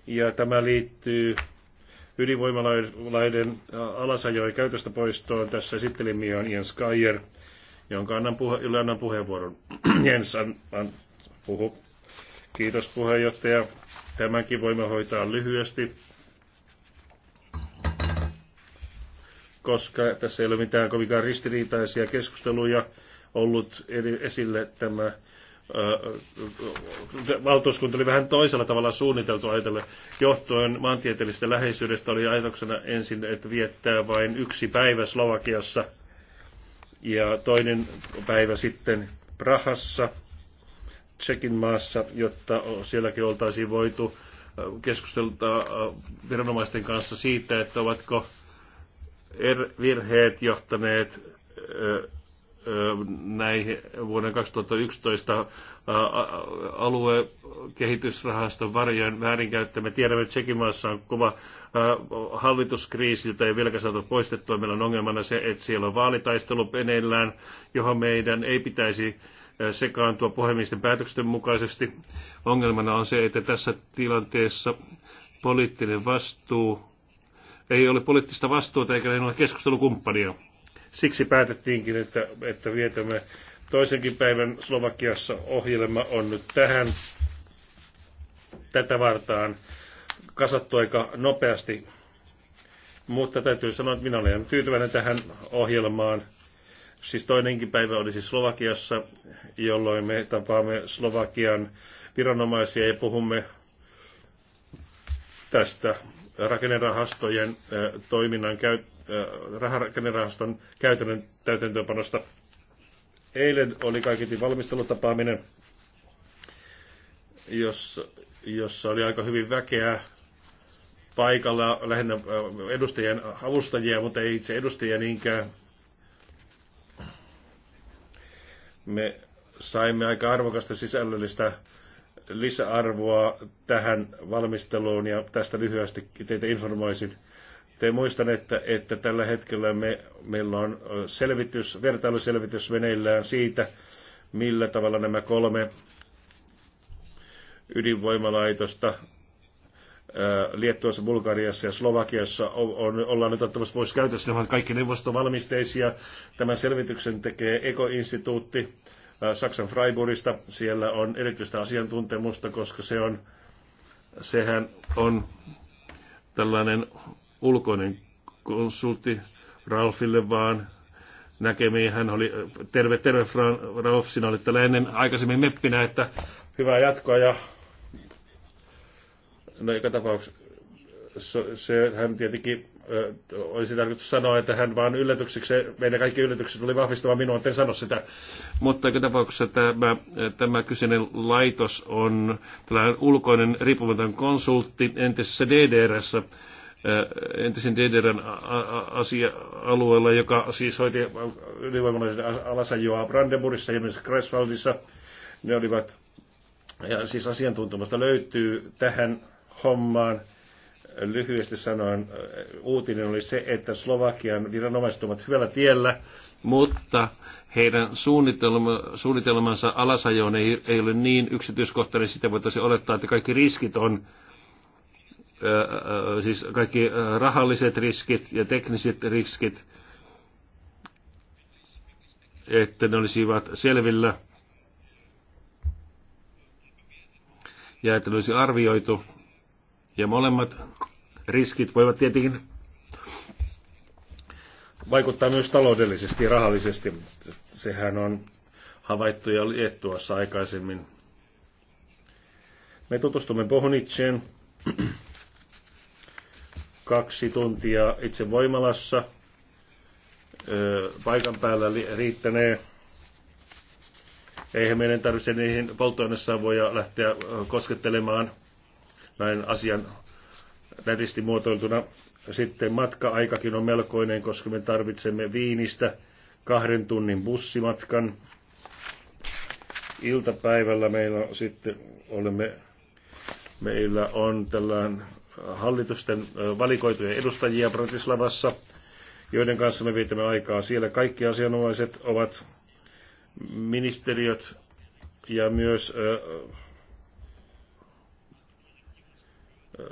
ja tämä liittyy ydinvoimalaiden äh, alasajojen käytöstä poistoon. Tässä esittelimiä on Jens Kajer, jonka annan, puhe, annan puheenvuoron. Jens an, an, puhu. Kiitos puheenjohtaja. Tämänkin voimme hoitaa lyhyesti, koska tässä ei ole mitään kovinkaan ristiriitaisia keskusteluja ollut esille tämä valtuuskunta oli vähän toisella tavalla suunniteltu ajatellen. Johtuen maantieteellisestä läheisyydestä oli ajatuksena ensin, että viettää vain yksi päivä Slovakiassa ja toinen päivä sitten Prahassa, Tsekin maassa, jotta sielläkin oltaisiin voitu keskustella viranomaisten kanssa siitä, että ovatko er-, virheet johtaneet näihin vuoden 2011 aluekehitysrahaston varjojen väärinkäyttö. Me tiedämme, että maassa, on kova hallituskriisi, jota ei vieläkään saatu poistettua. Meillä on ongelmana se, että siellä on vaalitaistelu peneillään, johon meidän ei pitäisi sekaantua puhemiesten päätösten mukaisesti. Ongelmana on se, että tässä tilanteessa poliittinen vastuu ei ole poliittista vastuuta eikä ole keskustelukumppania Siksi päätettiinkin, että, että vietämme toisenkin päivän Slovakiassa ohjelma on nyt tähän tätä vartaan kasattu aika nopeasti. Mutta täytyy sanoa, että minä olen tyytyväinen tähän ohjelmaan. Siis toinenkin päivä oli siis Slovakiassa, jolloin me tapaamme Slovakian viranomaisia ja puhumme tästä rakennerahastojen toiminnan käyt- Äh, rahakennerahaston käytännön täytäntöönpanosta. Eilen oli kaiketin valmistelutapaaminen, jossa, jossa oli aika hyvin väkeä paikalla, lähinnä äh, edustajien avustajia, mutta ei itse edustajia niinkään. Me saimme aika arvokasta sisällöllistä lisäarvoa tähän valmisteluun ja tästä lyhyesti teitä informoisin. Te muistanette, että tällä hetkellä me, meillä on selvitys, vertailuselvitys veneillään siitä, millä tavalla nämä kolme ydinvoimalaitosta Liettuassa, Bulgariassa ja Slovakiassa on, on, ollaan nyt ottamassa pois käytössä. Ne ovat kaikki neuvostovalmisteisia. Tämän selvityksen tekee Instituutti Saksan Freiburgista. Siellä on erityistä asiantuntemusta, koska se on, sehän on tällainen ulkoinen konsultti Ralfille, vaan näkemiin. Hän oli, terve, terve Fran, Ralf, sinä olit täällä ennen aikaisemmin meppinä, että hyvää jatkoa ja no joka tapauksessa se, se, hän tietenkin olisi tarkoitus sanoa, että hän vaan yllätykseksi, meidän kaikki yllätykset oli vahvistamaan minua, en sano sitä. Mutta joka tapauksessa tämä, tämä kyseinen laitos on tällainen ulkoinen riippumaton konsultti entisessä DDRssä, entisen DDRn asia-alueella, joka siis hoiti ylivoimalaisen alasajoa Brandenburgissa ja myös Kreisvaldissa. Ne olivat, ja siis asiantuntemusta löytyy tähän hommaan. Lyhyesti sanoen uutinen oli se, että Slovakian viranomaiset ovat hyvällä tiellä, mutta heidän suunnitelma, suunnitelmansa alasajoon ei, ei ole niin yksityiskohtainen, sitä voitaisiin olettaa, että kaikki riskit on siis kaikki rahalliset riskit ja tekniset riskit, että ne olisivat selvillä ja että ne olisi arvioitu. Ja molemmat riskit voivat tietenkin vaikuttaa myös taloudellisesti ja rahallisesti. Sehän on havaittu ja Liettuassa aikaisemmin. Me tutustumme Bohniceen kaksi tuntia itse voimalassa. Paikan päällä riittänee. Eihän meidän tarvitse niihin voi lähteä koskettelemaan näin asian nätisti muotoiltuna. Sitten matka-aikakin on melkoinen, koska me tarvitsemme viinistä kahden tunnin bussimatkan. Iltapäivällä meillä on sitten olemme, meillä on tällainen hallitusten valikoitujen edustajia Bratislavassa, joiden kanssa me vietämme aikaa. Siellä kaikki asianomaiset ovat ministeriöt ja myös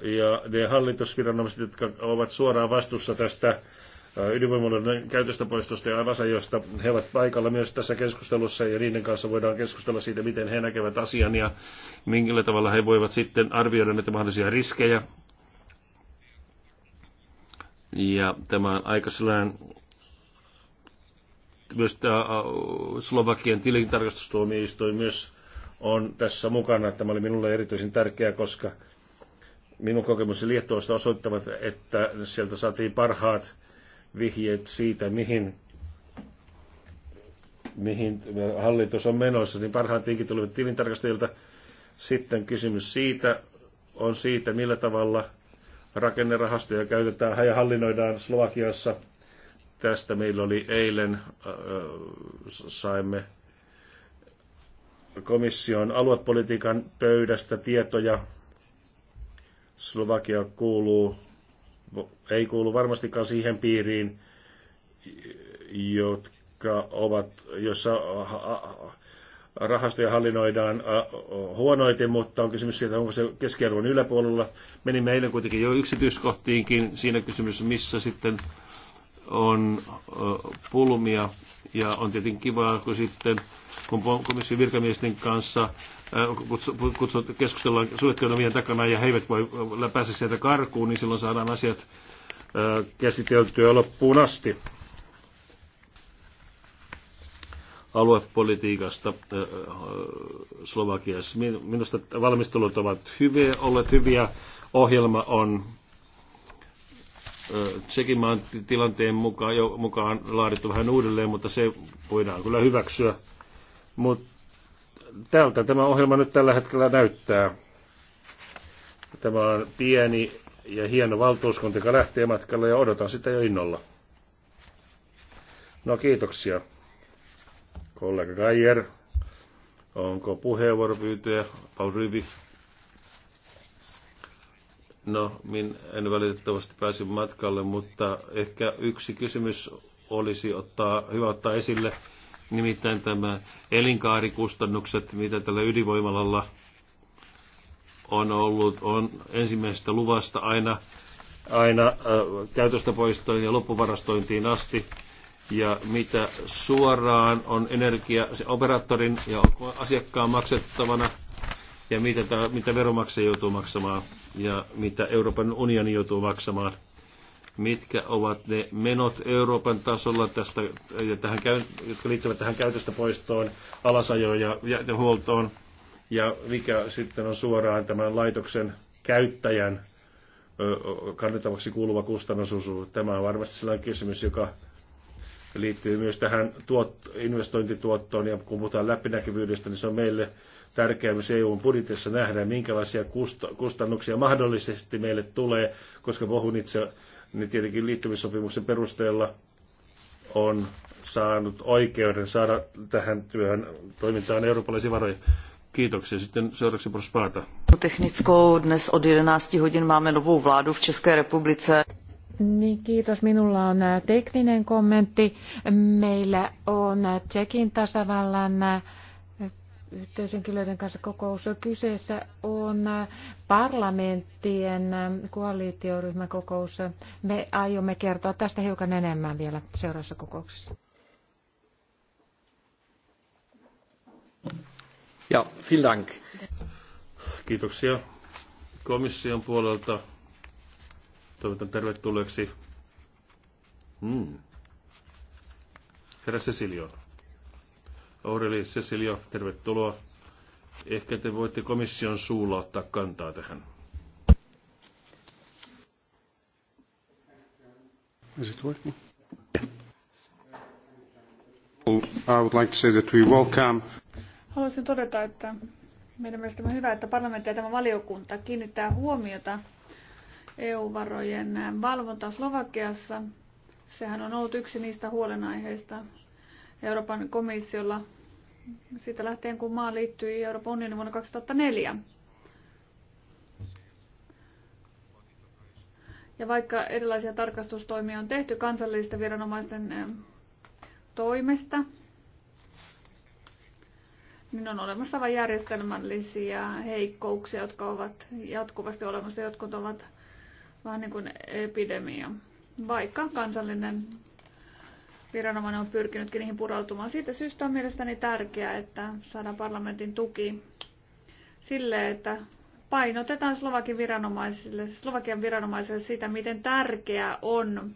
ja ne hallitusviranomaiset, jotka ovat suoraan vastuussa tästä ydinvoimaloiden käytöstä poistosta ja josta He ovat paikalla myös tässä keskustelussa ja niiden kanssa voidaan keskustella siitä, miten he näkevät asian ja millä tavalla he voivat sitten arvioida näitä mahdollisia riskejä ja tämä on aika sellainen myös tämä Slovakian tilintarkastustuomioistuin myös on tässä mukana. Tämä oli minulle erityisen tärkeää, koska minun kokemukseni liittoista osoittavat, että sieltä saatiin parhaat vihjeet siitä, mihin, mihin hallitus on menossa, niin parhaat vinkit tulivat tilintarkastajilta. Sitten kysymys siitä on siitä, millä tavalla rakennerahastoja käytetään ja hallinnoidaan Slovakiassa. Tästä meillä oli eilen, saimme komission aluepolitiikan pöydästä tietoja. Slovakia kuuluu, ei kuulu varmastikaan siihen piiriin, jotka ovat, jossa rahastoja hallinnoidaan äh, äh, huonoiten, mutta on kysymys siitä, onko se keskiarvon yläpuolella. Meni meille kuitenkin jo yksityiskohtiinkin. Siinä kysymys, missä sitten on äh, pulmia. Ja on tietenkin kiva, kun sitten kun komission virkamiesten kanssa kutsut, keskustellaan suljettujen takana ja he eivät voi pääse sieltä karkuun, niin silloin saadaan asiat käsiteltyä loppuun asti. aluepolitiikasta äh, Slovakiassa. Minusta valmistelut ovat hyviä, olleet hyviä. Ohjelma on äh, Tsekin tilanteen mukaan, jo, mukaan laadittu vähän uudelleen, mutta se voidaan kyllä hyväksyä. Mutta tältä tämä ohjelma nyt tällä hetkellä näyttää. Tämä on pieni ja hieno valtuuskunta, joka lähtee matkalle ja odotan sitä jo innolla. No kiitoksia kollega Geier. Onko puheenvuoropyyntöjä? Paul Rivi. No, min, en valitettavasti pääsi matkalle, mutta ehkä yksi kysymys olisi ottaa, hyvä ottaa esille, nimittäin tämä elinkaarikustannukset, mitä tällä ydinvoimalalla on ollut, on ensimmäisestä luvasta aina, aina äh, käytöstä poistoon ja loppuvarastointiin asti ja mitä suoraan on energia se operaattorin ja asiakkaan maksettavana ja mitä, tämä, mitä veromaksaja joutuu maksamaan ja mitä Euroopan unioni joutuu maksamaan. Mitkä ovat ne menot Euroopan tasolla, tästä, ja tähän, jotka liittyvät tähän käytöstä poistoon, alasajoon ja jätehuoltoon, ja mikä sitten on suoraan tämän laitoksen käyttäjän kannettavaksi kuuluva kustannusosuus. Tämä on varmasti sellainen kysymys, joka liittyy myös tähän tuot, investointituottoon, ja kun puhutaan läpinäkyvyydestä, niin se on meille tärkeää myös EUn budjetissa nähdä, minkälaisia kustannuksia mahdollisesti meille tulee, koska puhun itse, niin tietenkin liittymissopimuksen perusteella on saanut oikeuden saada tähän työhön toimintaan eurooppalaisia varoja. Kiitoksia. Sitten seuraavaksi prospaata. Technickou dnes od 11 hodin máme novou vládu v České republice. Niin, kiitos. Minulla on äh, tekninen kommentti. Meillä on äh, Tsekin tasavallan äh, yhteishenkilöiden kanssa kokous. Kyseessä on parlamenttien koalitioryhmän kokous. Me aiomme kertoa tästä hiukan enemmän vielä seuraavassa kokouksessa. Ja, vielen Dank. Kiitoksia komission puolelta. Toivotan tervetulleeksi mm. herra Cecilio. Aureli Cecilio, tervetuloa. Ehkä te voitte komission suulla ottaa kantaa tähän. Is it working? I would like to say that we welcome. Haluaisin todeta, että meidän mielestämme on hyvä, että parlamentti ja tämä valiokunta kiinnittää huomiota EU-varojen valvonta Slovakiassa. Sehän on ollut yksi niistä huolenaiheista Euroopan komissiolla siitä lähtien, kun maa liittyi Euroopan unionin vuonna 2004. Ja vaikka erilaisia tarkastustoimia on tehty kansallisten viranomaisten eh, toimesta, niin on olemassa vain järjestelmällisiä heikkouksia, jotka ovat jatkuvasti olemassa. Jotkut ovat vähän niin kuin epidemia. Vaikka kansallinen viranomainen on pyrkinytkin niihin purautumaan. Siitä syystä on mielestäni tärkeää, että saadaan parlamentin tuki sille, että painotetaan Slovakian viranomaisille, Slovakian viranomaisille sitä, miten tärkeää on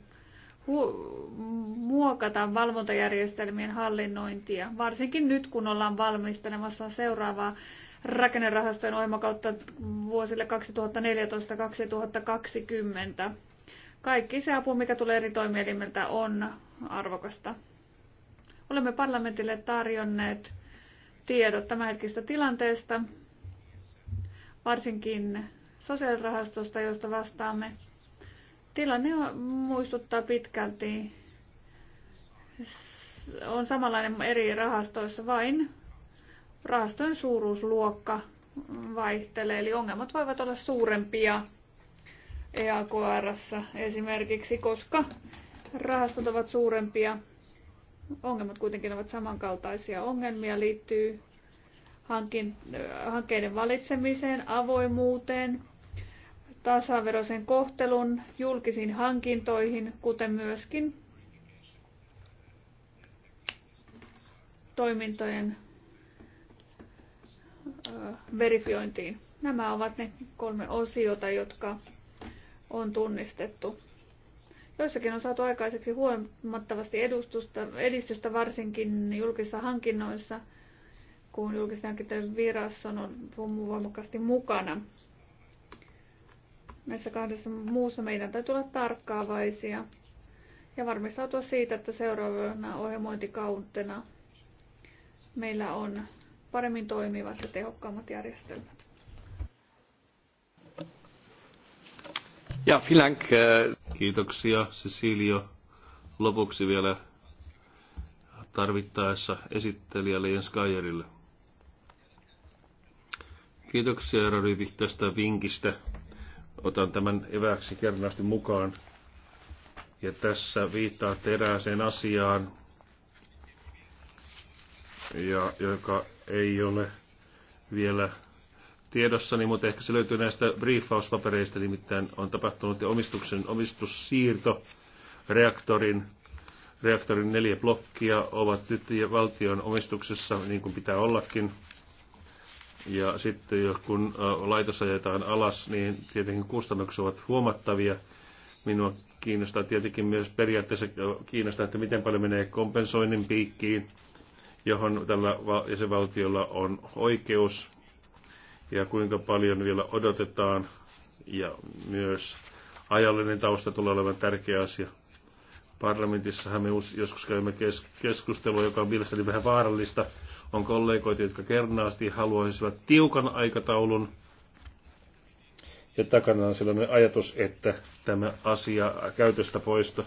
muokata valvontajärjestelmien hallinnointia, varsinkin nyt kun ollaan valmistelemassa seuraavaa rakennerahastojen ohjelmakautta vuosille 2014-2020. Kaikki se apu, mikä tulee eri toimielimeltä, on arvokasta. Olemme parlamentille tarjonneet tiedot tämänhetkistä tilanteesta, varsinkin sosiaalirahastosta, josta vastaamme. Tilanne muistuttaa pitkälti, on samanlainen eri rahastoissa, vain rahastojen suuruusluokka vaihtelee, eli ongelmat voivat olla suurempia eakr esimerkiksi, koska rahastot ovat suurempia. Ongelmat kuitenkin ovat samankaltaisia. Ongelmia liittyy hankin, hankkeiden valitsemiseen, avoimuuteen, tasaveroisen kohtelun, julkisiin hankintoihin, kuten myöskin toimintojen verifiointiin. Nämä ovat ne kolme osiota, jotka on tunnistettu. Joissakin on saatu aikaiseksi huomattavasti edustusta, edistystä varsinkin julkisissa hankinnoissa, kun julkisten hankintojen virassa on voimakkaasti mukana. Näissä kahdessa muussa meidän täytyy olla tarkkaavaisia ja varmistautua siitä, että seuraavana ohjelmointikauttena meillä on paremmin toimivat ja tehokkaammat järjestelmät. Ja, vielen äh, Kiitoksia Cecilio. Lopuksi vielä tarvittaessa esittelijälle Jens Kajerille. Kiitoksia herra tästä vinkistä. Otan tämän eväksi kernaasti mukaan. Ja tässä viittaa erääseen asiaan, ja, joka ei ole vielä tiedossani, mutta ehkä se löytyy näistä briefauspapereista, nimittäin on tapahtunut ja omistuksen omistussiirto reaktorin reaktorin neljä blokkia ovat nyt valtion omistuksessa, niin kuin pitää ollakin. Ja sitten kun laitos ajetaan alas, niin tietenkin kustannukset ovat huomattavia. Minua kiinnostaa tietenkin myös periaatteessa kiinnostaa, että miten paljon menee kompensoinnin piikkiin johon tällä jäsenvaltiolla on oikeus ja kuinka paljon vielä odotetaan. Ja myös ajallinen tausta tulee olemaan tärkeä asia. Parlamentissahan me joskus käymme keskustelua, joka on mielestäni vähän vaarallista. On kollegoita, jotka kernaasti haluaisivat tiukan aikataulun. Ja takana on sellainen ajatus, että tämä asia käytöstä poisto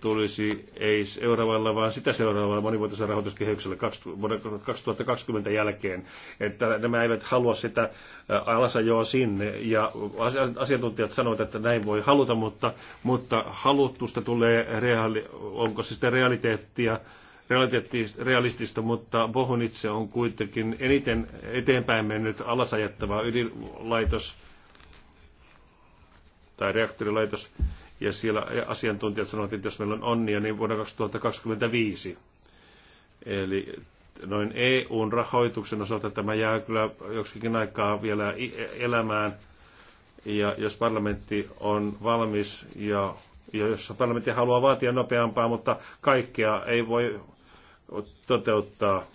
tulisi ei seuraavalla, vaan sitä seuraavalla monivuotisella rahoituskehyksellä 2020 jälkeen. Että nämä eivät halua sitä alasajoa sinne. Ja asiantuntijat sanovat, että näin voi haluta, mutta, mutta haluttusta tulee, reaali, onko se sitä realiteettia, realistista, mutta Bohun itse on kuitenkin eniten eteenpäin mennyt alasajattava ydinlaitos tai reaktorilaitos. Ja siellä asiantuntijat sanoivat, että jos meillä on onnia, niin vuonna 2025. Eli noin EUn rahoituksen osalta tämä jää kyllä joksikin aikaa vielä elämään. Ja jos parlamentti on valmis ja, ja jos parlamentti haluaa vaatia nopeampaa, mutta kaikkea ei voi toteuttaa.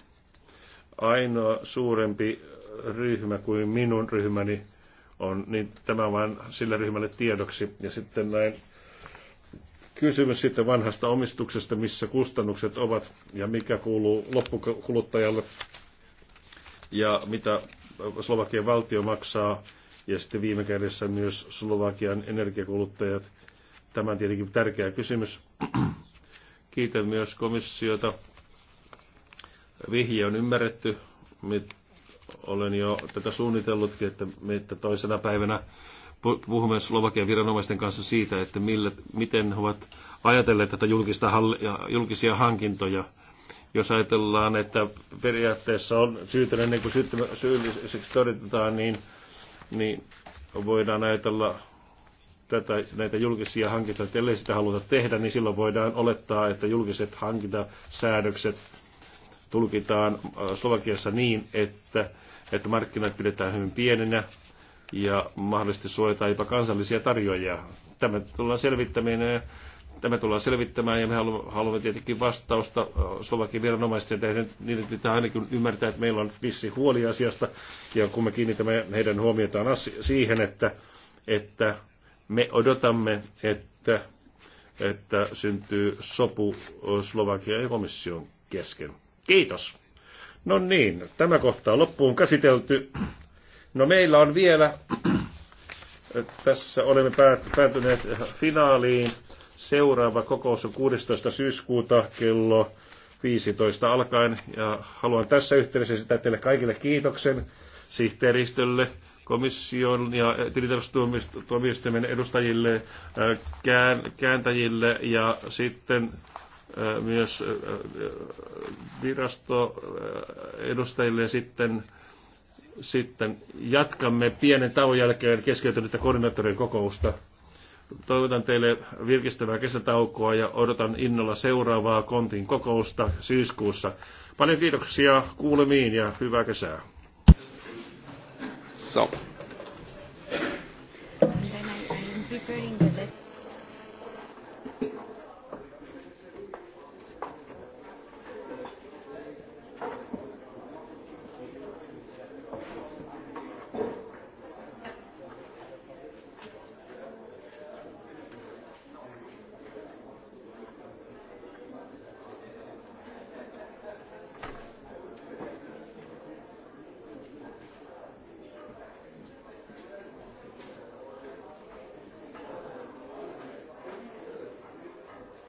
Ainoa suurempi ryhmä kuin minun ryhmäni on, niin tämä vain sille ryhmälle tiedoksi. Ja sitten näin kysymys sitten vanhasta omistuksesta, missä kustannukset ovat ja mikä kuuluu loppukuluttajalle ja mitä Slovakian valtio maksaa ja sitten viime kädessä myös Slovakian energiakuluttajat. Tämä on tietenkin tärkeä kysymys. Kiitän myös komissiota. Vihje on ymmärretty. olen jo tätä suunnitellutkin, että että toisena päivänä Puhumme Slovakian viranomaisten kanssa siitä, että millä, miten he ovat ajatelleet tätä julkista, julkisia hankintoja. Jos ajatellaan, että periaatteessa on syytä, ennen kuin syylliseksi todetetaan, niin, niin voidaan ajatella tätä, näitä julkisia hankintoja, että ellei sitä haluta tehdä, niin silloin voidaan olettaa, että julkiset hankintasäädökset tulkitaan äh, Slovakiassa niin, että, että markkinat pidetään hyvin pienenä ja mahdollisesti suojataan jopa kansallisia tarjoajia. Tämä tullaan selvittämään, tämä tullaan selvittämään ja me haluamme tietenkin vastausta Slovakian viranomaisten tehdä Niiden pitää ainakin ymmärtää, että meillä on vissi huoli asiasta ja kun me kiinnitämme heidän huomiotaan siihen, että, että me odotamme, että, että syntyy sopu Slovakia ja komission kesken. Kiitos. No niin, tämä kohta on loppuun käsitelty. No meillä on vielä, tässä olemme päätyneet finaaliin. Seuraava kokous on 16. syyskuuta kello 15 alkaen. Ja haluan tässä yhteydessä sitä teille kaikille kiitoksen sihteeristölle, komission ja tilintarkastustuomioistuimen edustajille, äh, kääntäjille ja sitten äh, myös äh, virastoedustajille ja sitten sitten jatkamme pienen tauon jälkeen keskeytynyttä koordinaattorien kokousta. Toivotan teille virkistävää kesätaukoa ja odotan innolla seuraavaa Kontin kokousta syyskuussa. Paljon kiitoksia kuulemiin ja hyvää kesää. So. preparing